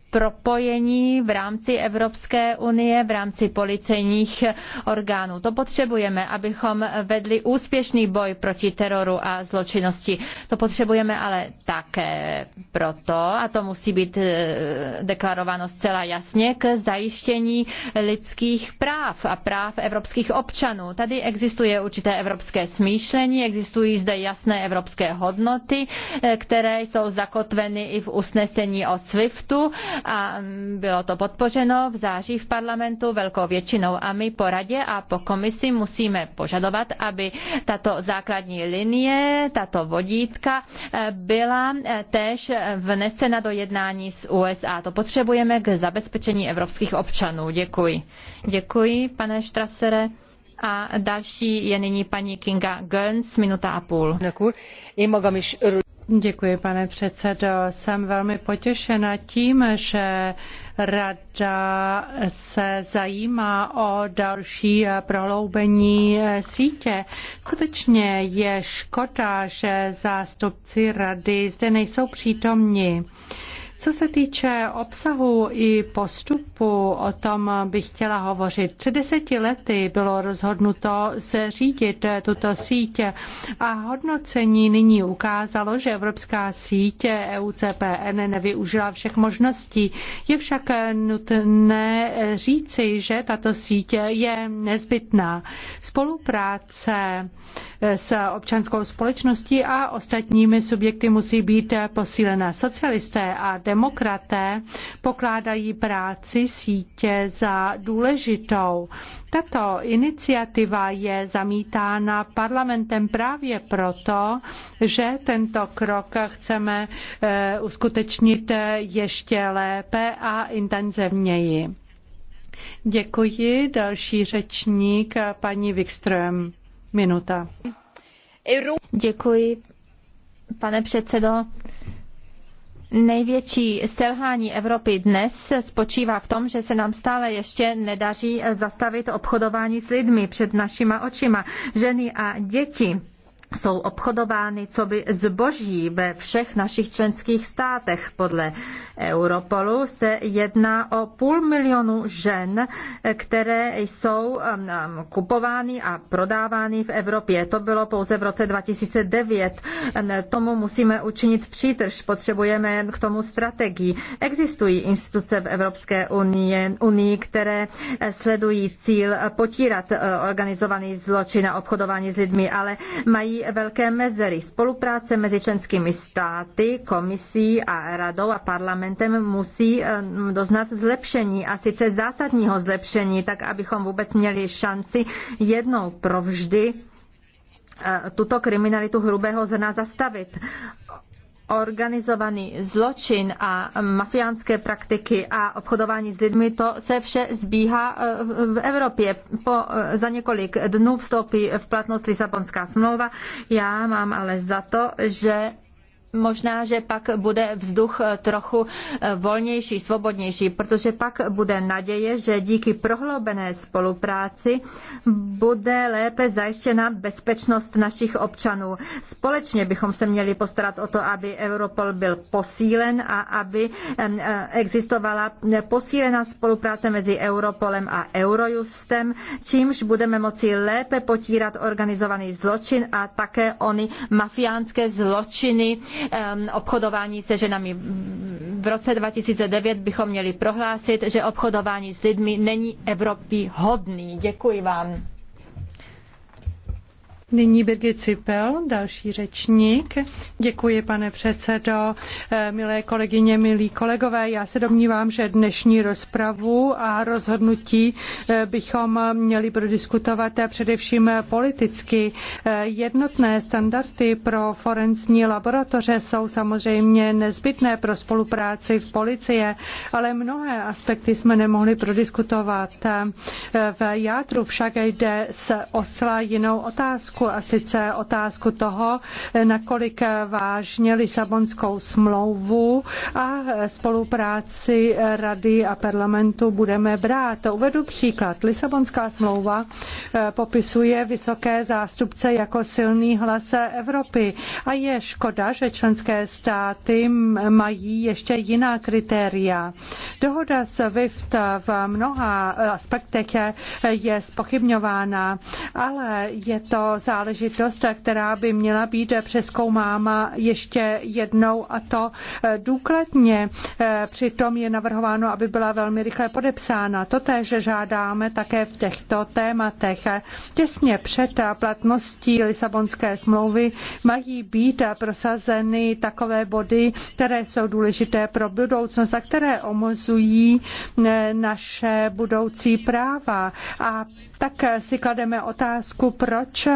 propojení v rámci Evropské unie, v rámci policejních orgánů. To potřebujeme, abychom vedli úspěšný boj proti teroru a zločinnosti. To potřebujeme ale také proto, a to musí být e, deklarováno zcela jasně, k zajištění lidských práv a práv evropských občanů. Tady existuje určité evropské smýšlení, existují zde jasné evropské hodnoty, e, které jsou zakotveny i v usnesení o SWIFTu a mm, bylo to podpořeno v září v parlamentu velkou většinou a my po radě a po komisi musíme požadovat, aby tato základní linie, tato vodítka e, byla e, též vnesena do jednání s USA. To potřebujeme k zabezpečení evropských občanů. Děkuji. Děkuji, pane Štrasere. A další je nyní paní Kinga Gönz, minuta a půl. Děkuji, pane předsedo. Jsem velmi potěšena tím, že Rada se zajímá o další prohloubení sítě. Skutečně je škoda, že zástupci Rady zde nejsou přítomni. Co se týče obsahu i postupu, o tom bych chtěla hovořit. Před deseti lety bylo rozhodnuto zřídit tuto sítě a hodnocení nyní ukázalo, že Evropská sítě EUCPN nevyužila všech možností. Je však nutné říci, že tato sítě je nezbytná. Spolupráce s občanskou společností a ostatními subjekty musí být posílena. Socialisté a demokraté pokládají práci sítě za důležitou. Tato iniciativa je zamítána parlamentem právě proto, že tento krok chceme eh, uskutečnit ještě lépe a intenzivněji. Děkuji. Další řečník, paní Wikström. Minuta. Děkuji, pane předsedo. Největší selhání Evropy dnes spočívá v tom, že se nám stále ještě nedaří zastavit obchodování s lidmi před našima očima. Ženy a děti jsou obchodovány co by zboží ve všech našich členských státech podle Europolu se jedná o půl milionu žen, které jsou um, um, kupovány a prodávány v Evropě. To bylo pouze v roce 2009. Um, tomu musíme učinit přítrž. Potřebujeme k tomu strategii. Existují instituce v Evropské unie, unii, které eh, sledují cíl eh, potírat eh, organizovaný zločin a obchodování s lidmi, ale mají velké mezery. Spolupráce mezi členskými státy, komisí a radou a parlamentem parlamentem musí eh, doznat zlepšení a sice zásadního zlepšení, tak abychom vůbec měli šanci jednou provždy eh, tuto kriminalitu hrubého zrna zastavit organizovaný zločin a mafiánské praktiky a obchodování s lidmi, to se vše zbíhá eh, v Evropě. Po, za několik dnů vstoupí v platnost Lisabonská smlouva. Já mám ale za to, že možná, že pak bude vzduch eh, trochu eh, volnější, svobodnější, protože pak bude naděje, že díky prohloubené spolupráci bude lépe zajištěna bezpečnost našich občanů. Společně bychom se měli postarat o to, aby Europol byl posílen a aby eh, existovala posílená spolupráce mezi Europolem a Eurojustem, čímž budeme moci lépe potírat organizovaný zločin a také ony mafiánské zločiny, obchodování se ženami. V roce 2009 bychom měli prohlásit, že obchodování s lidmi není Evropy hodný. Děkuji vám. Nyní Birgit Cipel, další řečník. Děkuji, pane předsedo, eh, milé kolegyně, milí kolegové. Já se domnívám, že dnešní rozpravu a rozhodnutí eh, bychom měli prodiskutovat eh, především politicky. Jednotné standardy pro forenzní laboratoře jsou samozřejmě nezbytné pro spolupráci v policie, ale mnohé aspekty jsme nemohli prodiskutovat. V jádru však jde s osla jinou otázku otázku, a sice otázku toho, nakolik vážně Lisabonskou smlouvu a spolupráci Rady a parlamentu budeme brát. Uvedu příklad. Lisabonská smlouva eh, popisuje vysoké zástupce jako silný hlas Evropy a je škoda, že členské státy mají ještě jiná kritéria. Dohoda s VIFT v mnoha aspektech je spochybňována, ale je to záležitost, která by měla být přeskoumána ještě jednou a to eh, důkladně. Eh, přitom je navrhováno, aby byla velmi rychle podepsána. Totéž žádáme také v těchto tématech. Těsně před platností Lisabonské smlouvy mají být prosazeny takové body, které jsou důležité pro budoucnost a které omozují eh, naše budoucí práva. A tak si klademe otázku, proč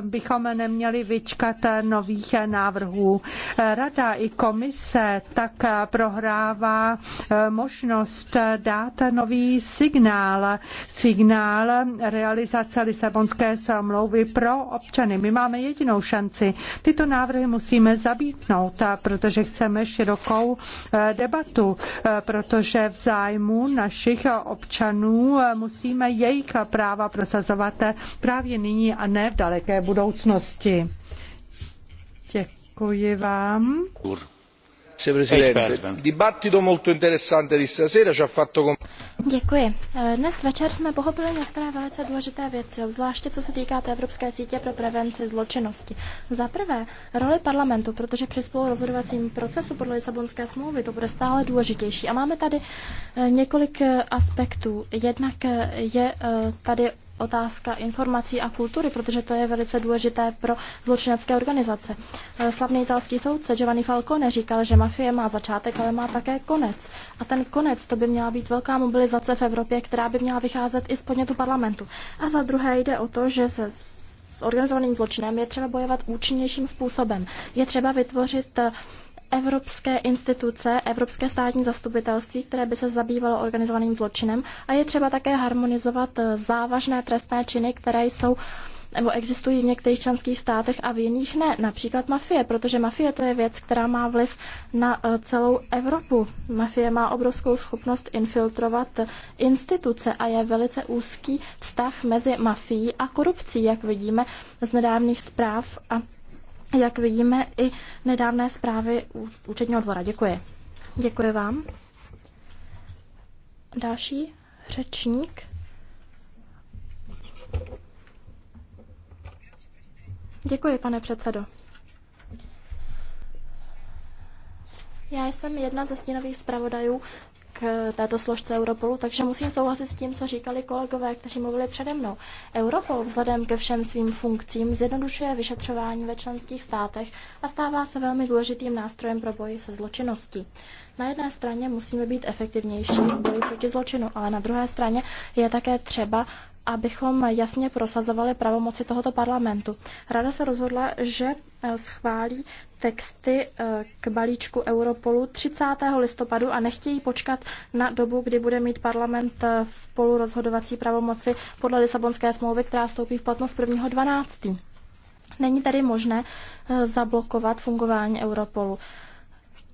bychom neměli vyčkat nových návrhů. Rada i komise tak prohrává eh, možnost dát nový signál, signál realizace Lisabonské smlouvy pro občany. My máme jedinou šanci. Tyto návrhy musíme zabítnout, protože chceme širokou eh, debatu, eh, protože v zájmu našich občanů musíme jejich práva prosazovat právě nyní a ne v daleké blízké budoucnosti. Děkuji vám. Děkuji. Eh, dnes večer jsme pochopili některé velice důležité věci, obzvláště co se týká té Evropské sítě pro prevenci zločinnosti. Za prvé, roli parlamentu, protože při spolurozhodovacím procesu podle Lisabonské smlouvy to bude stále důležitější. A máme tady eh, několik eh, aspektů. Jednak je tady otázka informací a kultury, protože to je velice důležité pro zločinecké organizace. Eh, slavný italský soudce Giovanni Falcone říkal, že mafie má začátek, ale má také konec. A ten konec to by měla být velká mobilizace v Evropě, která by měla vycházet i z podnětu parlamentu. A za druhé jde o to, že se s organizovaným zločinem je třeba bojovat účinnějším způsobem. Je třeba vytvořit eh, evropské instituce, evropské státní zastupitelství, které by se zabývalo organizovaným zločinem a je třeba také harmonizovat eh, závažné trestné činy, které jsou nebo existují v některých členských státech a v jiných ne, například mafie, protože mafie to je věc, která má vliv na eh, celou Evropu. Mafie má obrovskou schopnost infiltrovat eh, instituce a je velice úzký vztah mezi mafií a korupcí, jak vidíme z nedávných zpráv a jak vidíme i nedávné zprávy účetního dvora. Děkuji. Děkuji vám. Další řečník. Děkuji, pane předsedo. Já jsem jedna ze stínových zpravodajů Eh, této složce Europolu, takže musím souhlasit s tím, co říkali kolegové, kteří mluvili přede mnou. Europol vzhledem ke všem svým funkcím zjednodušuje vyšetřování ve členských státech a stává se velmi důležitým nástrojem pro boj se zločinností. Na jedné straně musíme být efektivnější v boji proti zločinu, ale na druhé straně je také třeba abychom jasně prosazovali pravomoci tohoto parlamentu. Rada se rozhodla, že e, schválí texty e, k balíčku Europolu 30. listopadu a nechtějí počkat na dobu, kdy bude mít parlament e, spolu rozhodovací pravomoci podle Lisabonské smlouvy, která stoupí v platnost 1.12. Není tedy možné zablokovat fungování Europolu.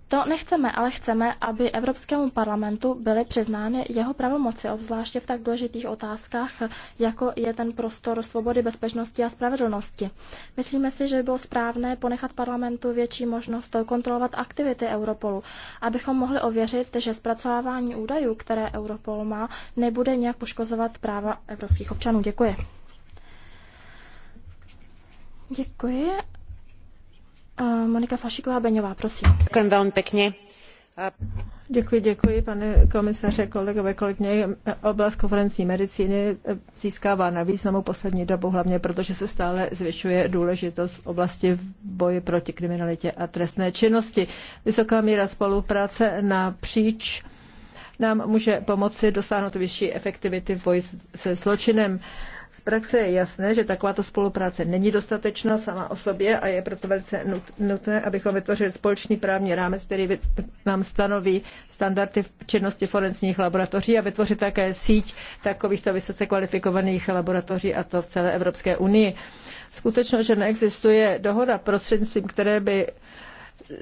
To nechceme, ale chceme, aby Evropskému parlamentu byly přiznány jeho pravomoci, obzvláště v tak důležitých otázkách, jako je ten prostor svobody, bezpečnosti a spravedlnosti. Myslíme si, že by bylo správné ponechat parlamentu větší možnost kontrolovat aktivity Europolu, abychom mohli ověřit, že zpracovávání údajů, které Europol má, nebude nějak poškozovat práva evropských občanů. Děkuji. Děkuji Eh, Monika Fašiková Beňová, prosím. Děkuji velmi pěkně. Děkuji, děkuji, pane komisaře, kolegové, kolegyně. Eh, oblast konferenční medicíny eh, získává na významu poslední dobu, hlavně protože se stále zvyšuje důležitost v oblasti boje proti kriminalitě a trestné činnosti. Vysoká míra spolupráce napříč nám může pomoci dosáhnout vyšší efektivity v boji se zločinem praxe je jasné, že takováto spolupráce není dostatečná sama o sobě a je proto velice nutné, abychom vytvořili společný právní rámec, který nám stanoví standardy v činnosti forenzních laboratoří a vytvořit také síť takovýchto vysoce kvalifikovaných laboratoří a to v celé Evropské unii. Skutečnost, že neexistuje dohoda prostřednictvím, které by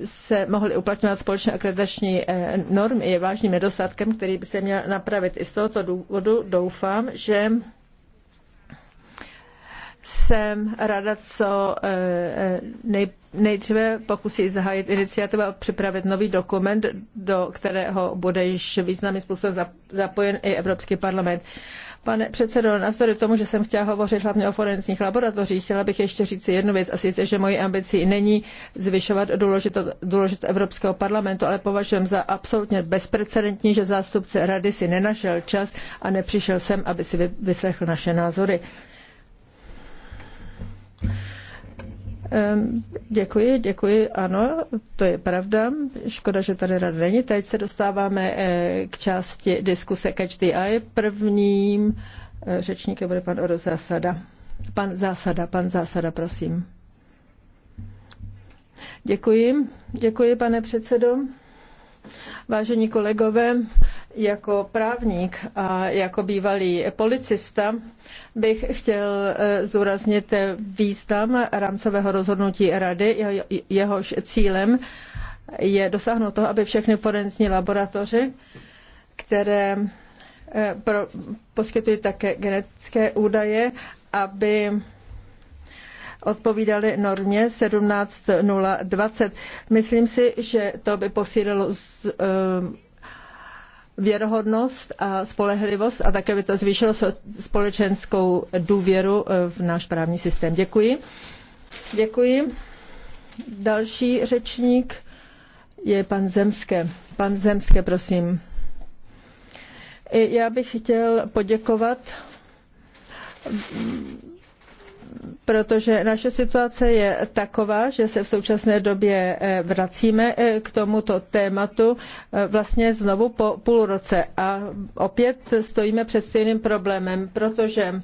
se mohly uplatňovat společné akreditační eh, normy, je vážným nedostatkem, který by se měl napravit. I z tohoto důvodu doufám, že jsem ráda, co eh, eh, nej, nejdříve pokusí zahájit iniciativu a připravit nový dokument, do kterého bude již významným způsobem zapojen i Evropský parlament. Pane předsedo, navzdory tomu, že jsem chtěla hovořit hlavně o forenzních laboratořích, chtěla bych ještě říct jednu věc, a sice, že mojí ambicí není zvyšovat důležitost, důležit Evropského parlamentu, ale považuji za absolutně bezprecedentní, že zástupce rady si nenašel čas a nepřišel sem, aby si vyslechl naše názory. Ehm, děkuji, děkuji, ano, to je pravda. Škoda, že tady rada není. Teď se dostáváme eh, k části diskuse Catch the Eye. Prvním eh, řečníkem bude pan Oro Zásada. Pan Zásada, pan Zásada, prosím. Děkuji, děkuji, pane předsedo. Vážení kolegové, jako právník a jako bývalý policista bych chtěl eh, zdůraznit význam rámcového rozhodnutí Rady, jehož cílem je dosáhnout toho, aby všechny forenzní laboratoře, které eh, poskytují také genetické údaje, aby odpovídaly normě 17020. Myslím si, že to by posílilo eh, věrohodnost a spolehlivost a také by to zvýšilo společenskou důvěru eh, v náš právní systém. Děkuji. Děkuji. Další řečník je pan Zemské. Pan Zemské, prosím. Já bych chtěl poděkovat protože naše situace je taková, že se v současné době eh, vracíme eh, k tomuto tématu eh, vlastně znovu po půl roce a opět stojíme před stejným problémem, protože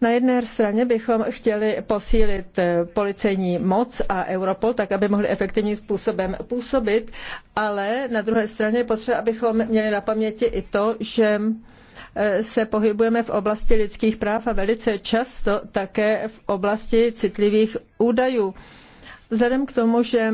na jedné straně bychom chtěli posílit policejní moc a Europol, tak aby mohli efektivním způsobem působit, ale na druhé straně potřeba, abychom měli na paměti i to, že se pohybujeme v oblasti lidských práv a velice často také v oblasti citlivých údajů. Vzhledem k tomu, že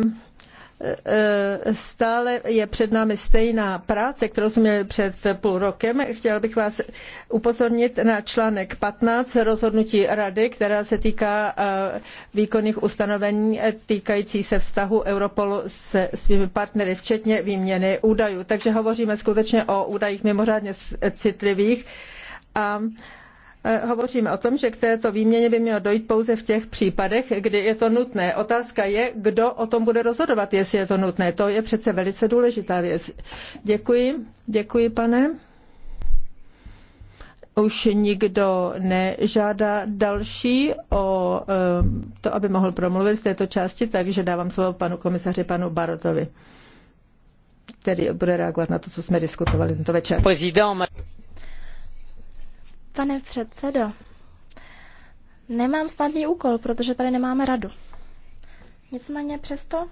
stále je před námi stejná práce, kterou jsme měli před půl rokem. Chtěla bych vás upozornit na článek 15 rozhodnutí Rady, která se týká eh, výkonných ustanovení týkající se vztahu Europolu se svými partnery, včetně výměny údajů. Takže hovoříme skutečně o údajích mimořádně citlivých a Eh, hovoříme o tom, že k této výměně by mělo dojít pouze v těch případech, kdy je to nutné. Otázka je, kdo o tom bude rozhodovat, jestli je to nutné. To je přece velice důležitá věc. Děkuji, děkuji pane. Už nikdo nežádá další o eh, to, aby mohl promluvit v této části, takže dávám slovo panu komisaři, panu Barotovi který bude reagovat na to, co jsme diskutovali tento večer. Pane předsedo, nemám snadný úkol, protože tady nemáme radu. Nicméně přesto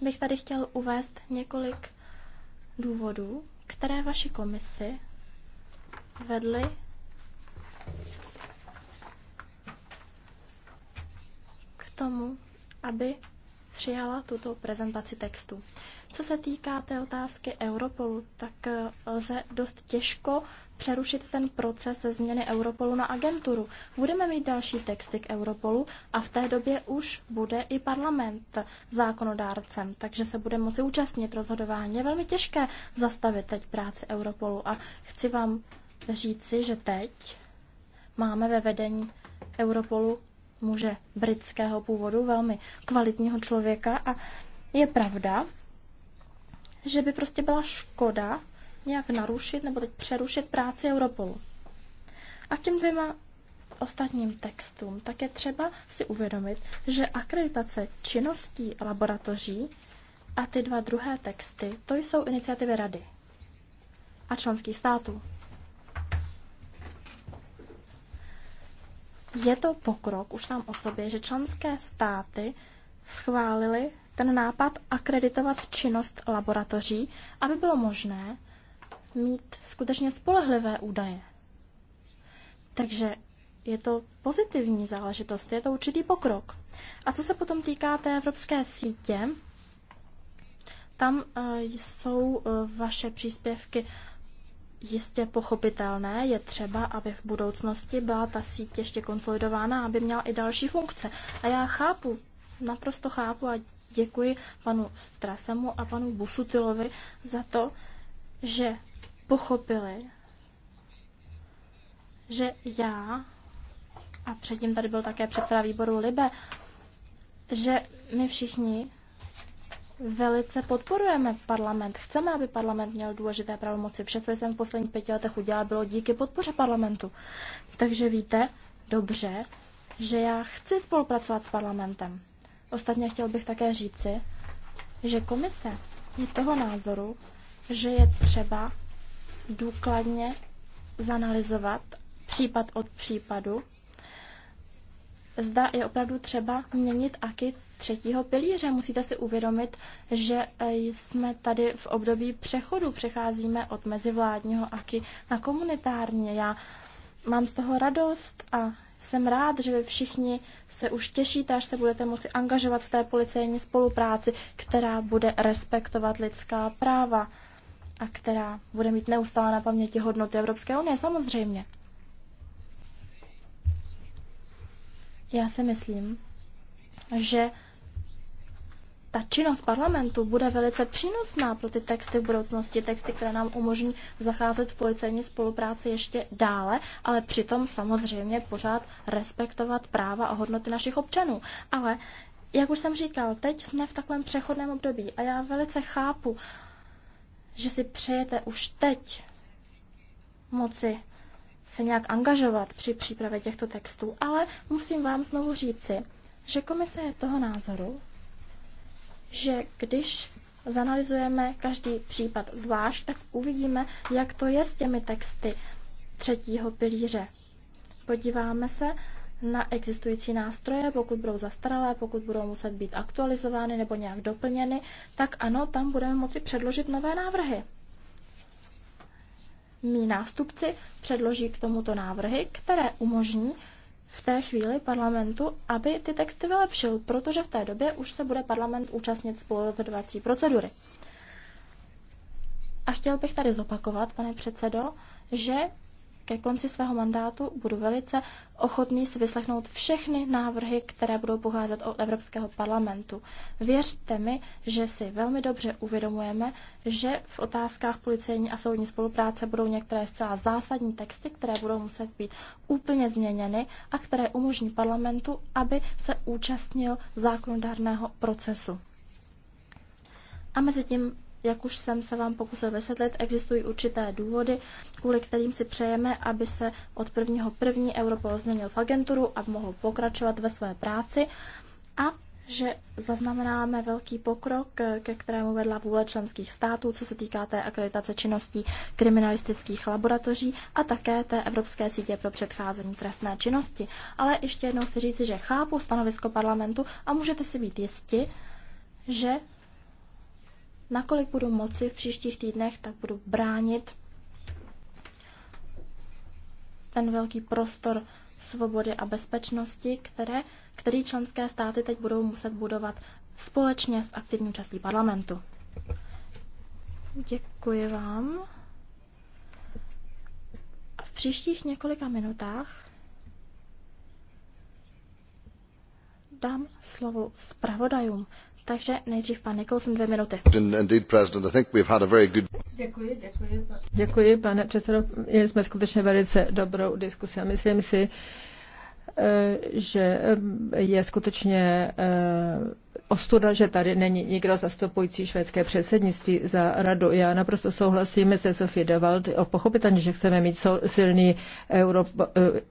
bych tady chtěl uvést několik důvodů, které vaši komisi vedly k tomu, aby přijala tuto prezentaci textu. Co se týká té otázky Europolu, tak eh, lze dost těžko přerušit ten proces změny Europolu na agenturu. Budeme mít další texty k Europolu a v té době už bude i parlament zákonodárcem, takže se bude moci účastnit rozhodování. Je velmi těžké zastavit teď práci Europolu a chci vám říci, že teď máme ve vedení Europolu muže britského původu, velmi kvalitního člověka a je pravda, že by prostě byla škoda, nějak narušit nebo teď přerušit práci Europolu. A k těm dvěma ostatním textům, tak je třeba si uvědomit, že akreditace činností laboratoří a ty dva druhé texty, to jsou iniciativy Rady a členských států. Je to pokrok už sám o sobě, že členské státy schválili ten nápad akreditovat činnost laboratoří, aby bylo možné mít skutečně spolehlivé údaje. Takže je to pozitivní záležitost, je to určitý pokrok. A co se potom týká té evropské sítě, tam eh, jsou eh, vaše příspěvky jistě pochopitelné. Je třeba, aby v budoucnosti byla ta síť ještě konsolidována, aby měla i další funkce. A já chápu, naprosto chápu a děkuji panu Strasemu a panu Busutilovi za to, že pochopili, že já, a předtím tady byl také předseda výboru Libe, že my všichni velice podporujeme parlament. Chceme, aby parlament měl důležité pravomoci. Vše, co jsem v posledních pěti letech udělal, bylo díky podpoře parlamentu. Takže víte dobře, že já chci spolupracovat s parlamentem. Ostatně chtěl bych také říci, že komise je toho názoru, že je třeba důkladně zanalizovat případ od případu, zda je opravdu třeba měnit aky třetího pilíře. Musíte si uvědomit, že eh, jsme tady v období přechodu, přecházíme od mezivládního aky na komunitárně. Já mám z toho radost a jsem rád, že vy všichni se už těšíte, až se budete moci angažovat v té policejní spolupráci, která bude respektovat lidská práva a která bude mít neustále na paměti hodnoty Evropské unie, samozřejmě. Já si myslím, že ta činnost parlamentu bude velice přínosná pro ty texty v budoucnosti, texty, které nám umožní zacházet v policejní spolupráci ještě dále, ale přitom samozřejmě pořád respektovat práva a hodnoty našich občanů. Ale jak už jsem říkal, teď jsme v takovém přechodném období a já velice chápu že si přejete už teď moci se nějak angažovat při přípravě těchto textů, ale musím vám znovu říci, že komise je toho názoru, že když zanalizujeme každý případ zvlášť, tak uvidíme, jak to je s těmi texty třetího pilíře. Podíváme se na existující nástroje, pokud budou zastaralé, pokud budou muset být aktualizovány nebo nějak doplněny, tak ano, tam budeme moci předložit nové návrhy. Mí nástupci předloží k tomuto návrhy, které umožní v té chvíli parlamentu, aby ty texty vylepšil, protože v té době už se bude parlament účastnit spolurozhodovací procedury. A chtěl bych tady zopakovat, pane předsedo, že ke konci svého mandátu budu velice ochotný si vyslechnout všechny návrhy, které budou pocházet od Evropského parlamentu. Věřte mi, že si velmi dobře uvědomujeme, že v otázkách policejní a soudní spolupráce budou některé zcela zásadní texty, které budou muset být úplně změněny a které umožní parlamentu, aby se účastnil zákonodárného procesu. A mezi tím jak už jsem se vám pokusil vysvětlit, existují určité důvody, kvůli kterým si přejeme, aby se od prvního první Europol změnil v agenturu a mohl pokračovat ve své práci a že zaznamenáme velký pokrok, ke kterému vedla vůle členských států, co se týká té akreditace činností kriminalistických laboratoří a také té Evropské sítě pro předcházení trestné činnosti. Ale ještě jednou chci říci, že chápu stanovisko parlamentu a můžete si být jisti, že nakolik budu moci v příštích týdnech, tak budu bránit ten velký prostor svobody a bezpečnosti, které, který členské státy teď budou muset budovat společně s aktivní částí parlamentu. Děkuji vám. V příštích několika minutách dám slovo zpravodajům. Takže nejdřív pan Nicholson, dvě minuty. Děkuji, děkuji. pane předsedo. Měli jsme skutečně velice dobrou diskusi a myslím si, Eh, že eh, je skutečně eh, ostuda, že tady není nikdo zastupující švédské předsednictví za radu. Já naprosto souhlasím se Sofie Devald o pochopitelně, že chceme mít silný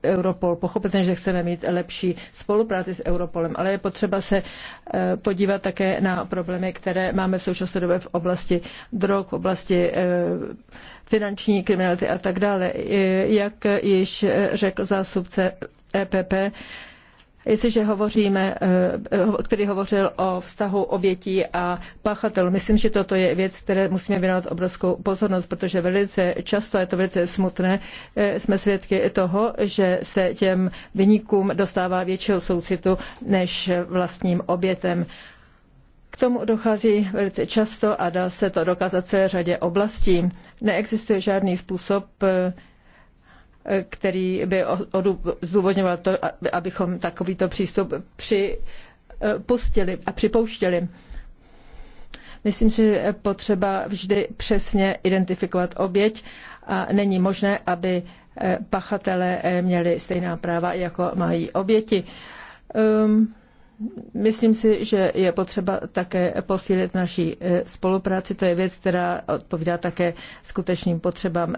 Europol, pochopitelně, že chceme mít lepší spolupráci s Europolem, ale je potřeba se podívat také na problémy, které máme v současné době v oblasti drog, v oblasti finanční kriminality a tak dále. Jak již řekl zásupce EPP, jestliže hovoříme, eh, který hovořil o vztahu obětí a pachatelů. Myslím, že toto je věc, které musíme věnovat obrovskou pozornost, protože velice často, je to velice smutné, eh, jsme svědky toho, že se těm vynikům dostává většího soucitu než vlastním obětem. K tomu dochází velice často a dá se to dokázat celé řadě oblastí. Neexistuje žádný způsob, eh, který by zdůvodňoval to, abychom takovýto přístup připustili a připouštěli. Myslím, že je potřeba vždy přesně identifikovat oběť a není možné, aby eh, pachatele eh, měli stejná práva, jako mají oběti. Um, myslím si, že je potřeba také posílit naší eh, spolupráci. To je věc, která odpovídá také skutečným potřebám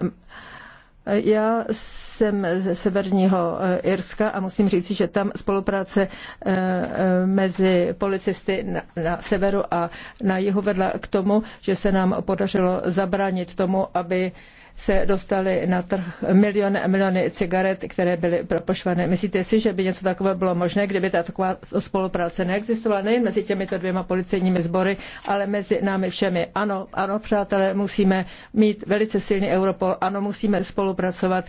já jsem ze severního eh, Irska a musím říct, že tam spolupráce eh, eh, mezi policisty na, severu a na jihu vedla k tomu, že se nám podařilo zabránit tomu, aby se dostaly na trh miliony a miliony cigaret, které byly propošvané. Myslíte si, že by něco takového bylo možné, kdyby ta taková spolupráce neexistovala nejen mezi těmito dvěma policejními sbory, ale mezi námi všemi? Ano, ano, přátelé, musíme mít velice silný Europol, ano, musíme spolupracovat.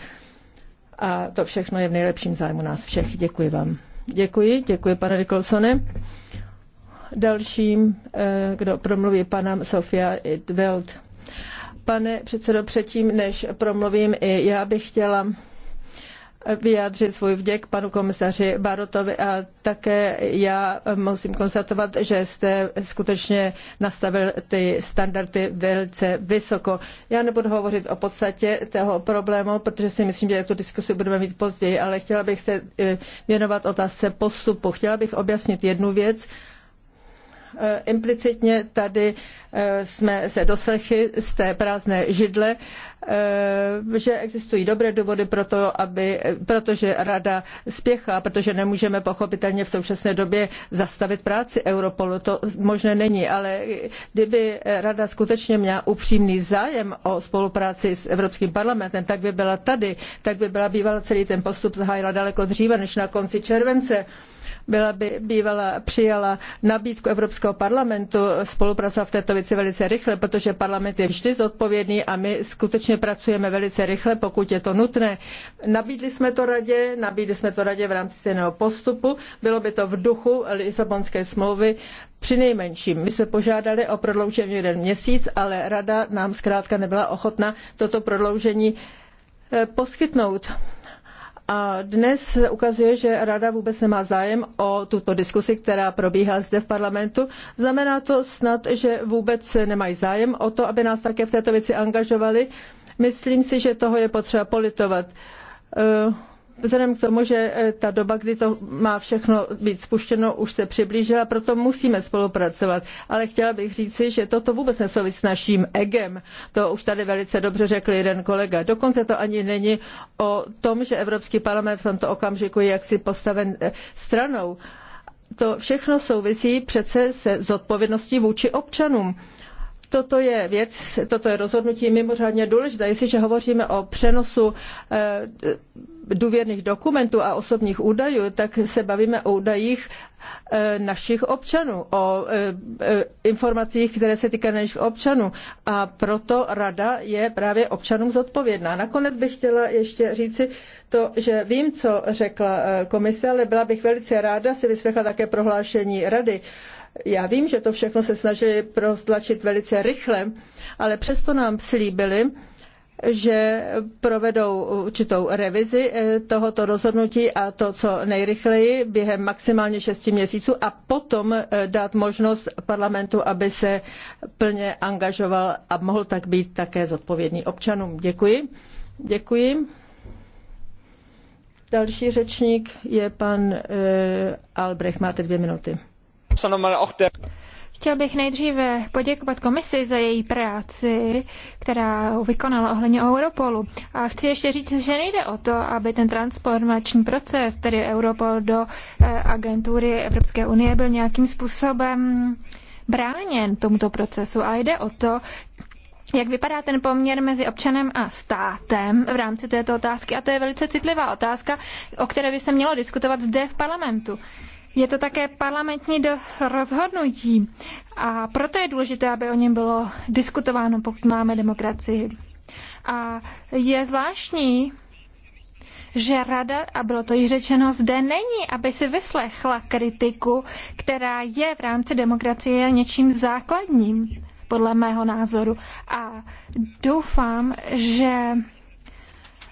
A to všechno je v nejlepším zájmu nás všech. Děkuji vám. Děkuji, děkuji pane Nicholsone. Dalším, eh, kdo promluví, panem Sofia Itveld. Pane předsedo, předtím, než promluvím, i já bych chtěla vyjádřit svůj vděk panu komisaři Barotovi a také já musím konstatovat, že jste skutečně nastavil ty standardy velice vysoko. Já nebudu hovořit o podstatě toho problému, protože si myslím, že tu diskusi budeme mít později, ale chtěla bych se eh, věnovat otázce postupu. Chtěla bych objasnit jednu věc, Eh, implicitně tady eh, jsme se doslechli z té prázdné židle, eh, že existují dobré důvody pro to, aby, protože rada spěchá, protože nemůžeme pochopitelně v současné době zastavit práci Europolu. To možné není, ale kdyby rada skutečně měla upřímný zájem o spolupráci s Evropským parlamentem, tak by byla tady, tak by byla bývala celý ten postup zahájila daleko dříve než na konci července byla by bývala přijala nabídku Evropského parlamentu spolupracovat v této věci velice rychle, protože parlament je vždy zodpovědný a my skutečně pracujeme velice rychle, pokud je to nutné. Nabídli jsme to radě, nabídli jsme to radě v rámci stejného postupu, bylo by to v duchu Lisabonské smlouvy, Přinejmenším, my jsme požádali o prodloužení jeden měsíc, ale rada nám zkrátka nebyla ochotna toto prodloužení eh, poskytnout. A dnes se ukazuje, že rada vůbec nemá zájem o tuto diskusi, která probíhá zde v parlamentu. Znamená to snad, že vůbec nemají zájem o to, aby nás také v této věci angažovali. Myslím si, že toho je potřeba politovat. Uh, vzhledem k tomu, že eh, ta doba, kdy to má všechno být spuštěno, už se přiblížila, proto musíme spolupracovat. Ale chtěla bych říci, že toto vůbec nesouvisí s naším egem. To už tady velice dobře řekl jeden kolega. Dokonce to ani není o tom, že Evropský parlament v tomto okamžiku je jaksi postaven eh, stranou. To všechno souvisí přece se zodpovědností vůči občanům. Toto je věc, toto je rozhodnutí mimořádně důležité. Jestliže hovoříme o přenosu eh, důvěrných dokumentů a osobních údajů, tak se bavíme o údajích eh, našich občanů, o eh, informacích, které se týkají našich občanů. A proto rada je právě občanům zodpovědná. Nakonec bych chtěla ještě říci to, že vím, co řekla komise, ale byla bych velice ráda si vyslechla také prohlášení rady. Já vím, že to všechno se snažili prostlačit velice rychle, ale přesto nám slíbili, že provedou určitou revizi eh, tohoto rozhodnutí a to, co nejrychleji, během maximálně šesti měsíců a potom eh, dát možnost parlamentu, aby se plně angažoval a mohl tak být také zodpovědný občanům. Děkuji. Děkuji. Další řečník je pan eh, Albrecht. Máte dvě minuty. Chtěl bych nejdříve poděkovat komisi za její práci, která vykonala ohledně Europolu. A chci ještě říct, že nejde o to, aby ten transformační proces, tedy Europol do eh, agentury Evropské unie, byl nějakým způsobem bráněn tomuto procesu, ale jde o to, jak vypadá ten poměr mezi občanem a státem v rámci této otázky? A to je velice citlivá otázka, o které by se mělo diskutovat zde v parlamentu. Je to také parlamentní rozhodnutí a proto je důležité, aby o něm bylo diskutováno, pokud máme demokracii. A je zvláštní, že rada, a bylo to již řečeno, zde není, aby si vyslechla kritiku, která je v rámci demokracie něčím základním, podle mého názoru. A doufám, že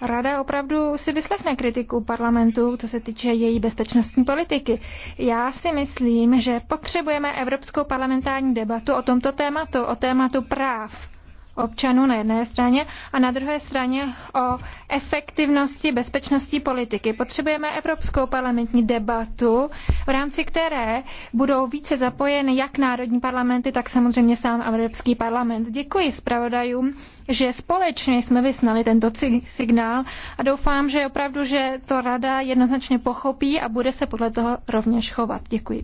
Rada opravdu si vyslechne kritiku parlamentu, co se týče její bezpečnostní politiky. Já si myslím, že potřebujeme evropskou parlamentární debatu o tomto tématu, o tématu práv občanů na jedné straně a na druhé straně o efektivnosti bezpečnostní politiky. Potřebujeme evropskou parlamentní debatu, v rámci které budou více zapojeny jak národní parlamenty, tak samozřejmě sám Evropský parlament. Děkuji zpravodajům, že společně jsme vyslali tento signál a doufám, že opravdu, že to rada jednoznačně pochopí a bude se podle toho rovněž chovat. Děkuji.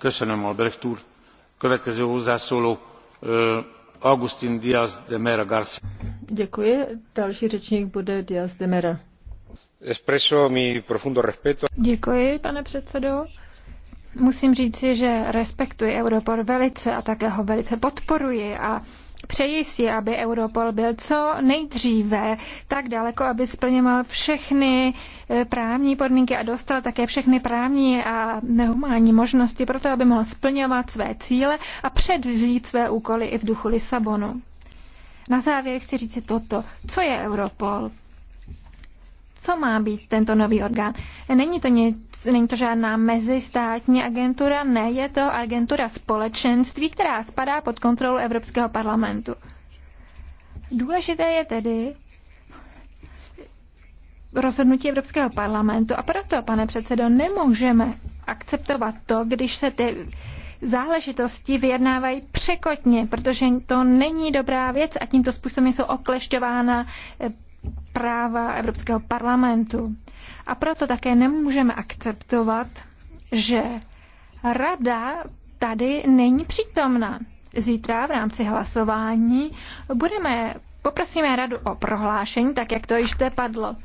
Köszönöm, Albrecht úr. Következő hozzászóló Augustin Díaz de Mera García. Děkuji. Další řečník bude Díaz de Mera. Expreso mi profundo respeto. Děkuji, pane předsedo. Musím říci, že respektuji Europol velice a také ho velice podporuji a Přeji si, aby Europol byl co nejdříve tak daleko, aby splňoval všechny eh, právní podmínky a dostal také všechny právní a nehumánní možnosti pro to, aby mohl splňovat své cíle a předvzít své úkoly i v duchu Lisabonu. Na závěr chci říct toto. Co je Europol? co má být tento nový orgán. Není to, nic, není to žádná mezistátní agentura, ne, je to agentura společenství, která spadá pod kontrolu Evropského parlamentu. Důležité je tedy rozhodnutí Evropského parlamentu a proto, pane předsedo, nemůžeme akceptovat to, když se ty záležitosti vyjednávají překotně, protože to není dobrá věc a tímto způsobem jsou oklešťována práva Evropského parlamentu. A proto také nemůžeme akceptovat, že rada tady není přítomna. Zítra v rámci hlasování budeme, poprosíme radu o prohlášení, tak jak to již te padlo.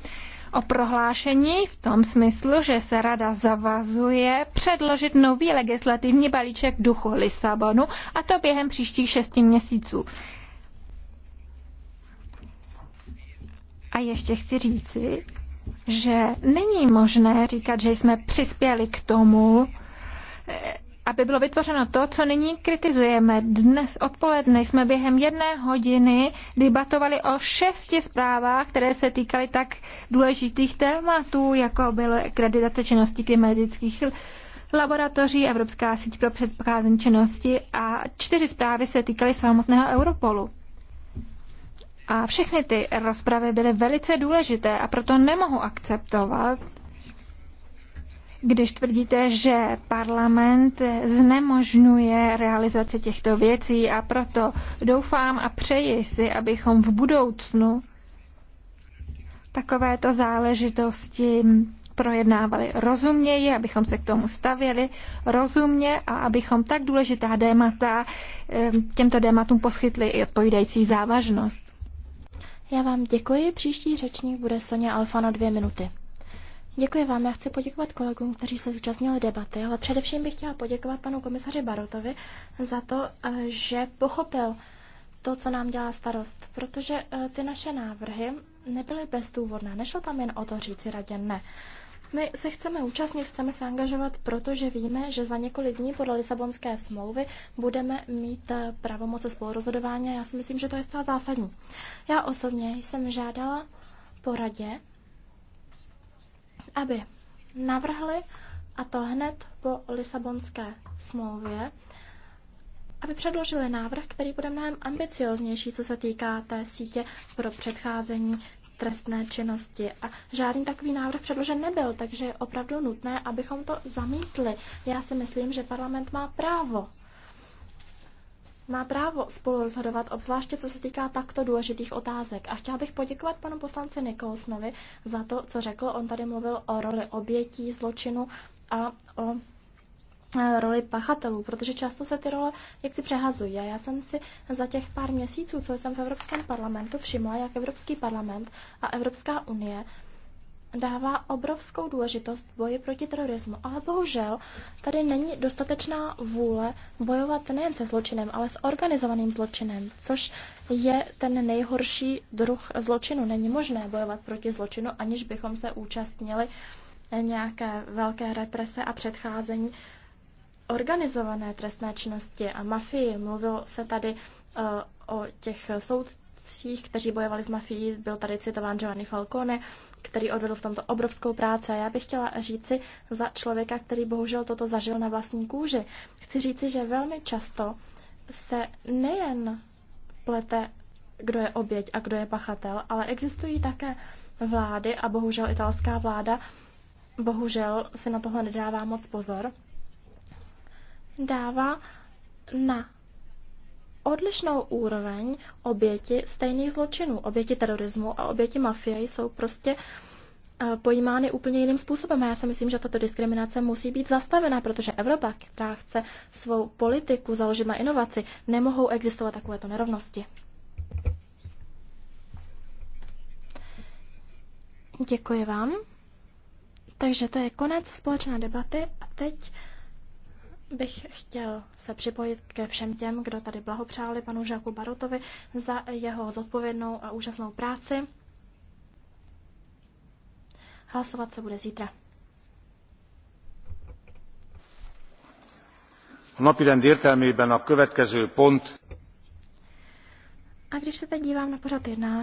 O prohlášení v tom smyslu, že se rada zavazuje předložit nový legislativní balíček duchu Lisabonu a to během příštích šesti měsíců. A ještě chci říci, že není možné říkat, že jsme přispěli k tomu, eh, aby bylo vytvořeno to, co nyní kritizujeme. Dnes odpoledne jsme během jedné hodiny debatovali o šesti zprávách, které se týkaly tak důležitých tématů, jako byly kreditace činnosti klimatických laboratoří, Evropská síť pro předpokázení činnosti a čtyři zprávy se týkaly samotného Europolu. A všechny ty rozpravy byly velice důležité a proto nemohu akceptovat, když tvrdíte, že parlament znemožňuje realizaci těchto věcí a proto doufám a přeji si, abychom v budoucnu takovéto záležitosti projednávali rozuměji, abychom se k tomu stavěli rozumně a abychom tak důležitá témata eh, těmto tématům poskytli i odpovídající závažnost. Já vám děkuji. Příští řečník bude Sonja Alfano dvě minuty. Děkuji vám. Já chci poděkovat kolegům, kteří se zúčastnili debaty, ale především bych chtěla poděkovat panu komisaři Barotovi za to, eh, že pochopil to, co nám dělá starost, protože eh, ty naše návrhy nebyly bezdůvodné. Nešlo tam jen o to říci radě ne. My se chceme účastnit, chceme se angažovat, protože víme, že za několik dní podle Lisabonské smlouvy budeme mít eh, pravomoce spolurozhodování a já si myslím, že to je zcela zásadní. Já osobně jsem žádala poradě, aby navrhli, a to hned po Lisabonské smlouvě, aby předložili návrh, který bude mnohem ambicioznější, co se týká té sítě pro předcházení trestné činnosti. A žádný takový návrh předložen nebyl, takže je opravdu nutné, abychom to zamítli. Já si myslím, že parlament má právo má právo spolu rozhodovat, obzvláště co se týká takto důležitých otázek. A chtěla bych poděkovat panu poslanci Nikolsonovi za to, co řekl. On tady mluvil o roli obětí zločinu a o Eh, roli pachatelů, protože často se ty role jaksi přehazují. A já jsem si za těch pár měsíců, co jsem v Evropském parlamentu, všimla, jak Evropský parlament a Evropská unie dává obrovskou důležitost boji proti terorismu, ale bohužel tady není dostatečná vůle bojovat nejen se zločinem, ale s organizovaným zločinem, což je ten nejhorší druh zločinu. Není možné bojovat proti zločinu, aniž bychom se účastnili nějaké velké represe a předcházení organizované trestné činnosti a mafii. Mluvilo se tady eh, o těch soudcích, kteří bojovali s mafií. Byl tady citován Giovanni Falcone, který odvedl v tomto obrovskou práci. A já bych chtěla říci za člověka, který bohužel toto zažil na vlastní kůži. Chci říci, že velmi často se nejen plete, kdo je oběť a kdo je pachatel, ale existují také vlády a bohužel italská vláda bohužel si na tohle nedává moc pozor dává na odlišnou úroveň oběti stejných zločinů. Oběti terorismu a oběti mafie jsou prostě eh, pojímány úplně jiným způsobem. A já si myslím, že tato diskriminace musí být zastavená, protože Evropa, která chce svou politiku založit na inovaci, nemohou existovat takovéto nerovnosti. Děkuji vám. Takže to je konec společné debaty a teď bych chtěl se připojit ke všem těm, kdo tady blahopřáli panu Žáku Barotovi za jeho zodpovědnou a úžasnou práci. Hlasovat se bude zítra. A napirend értelmében a következő pont. A když se teď dívám na pořad jednání,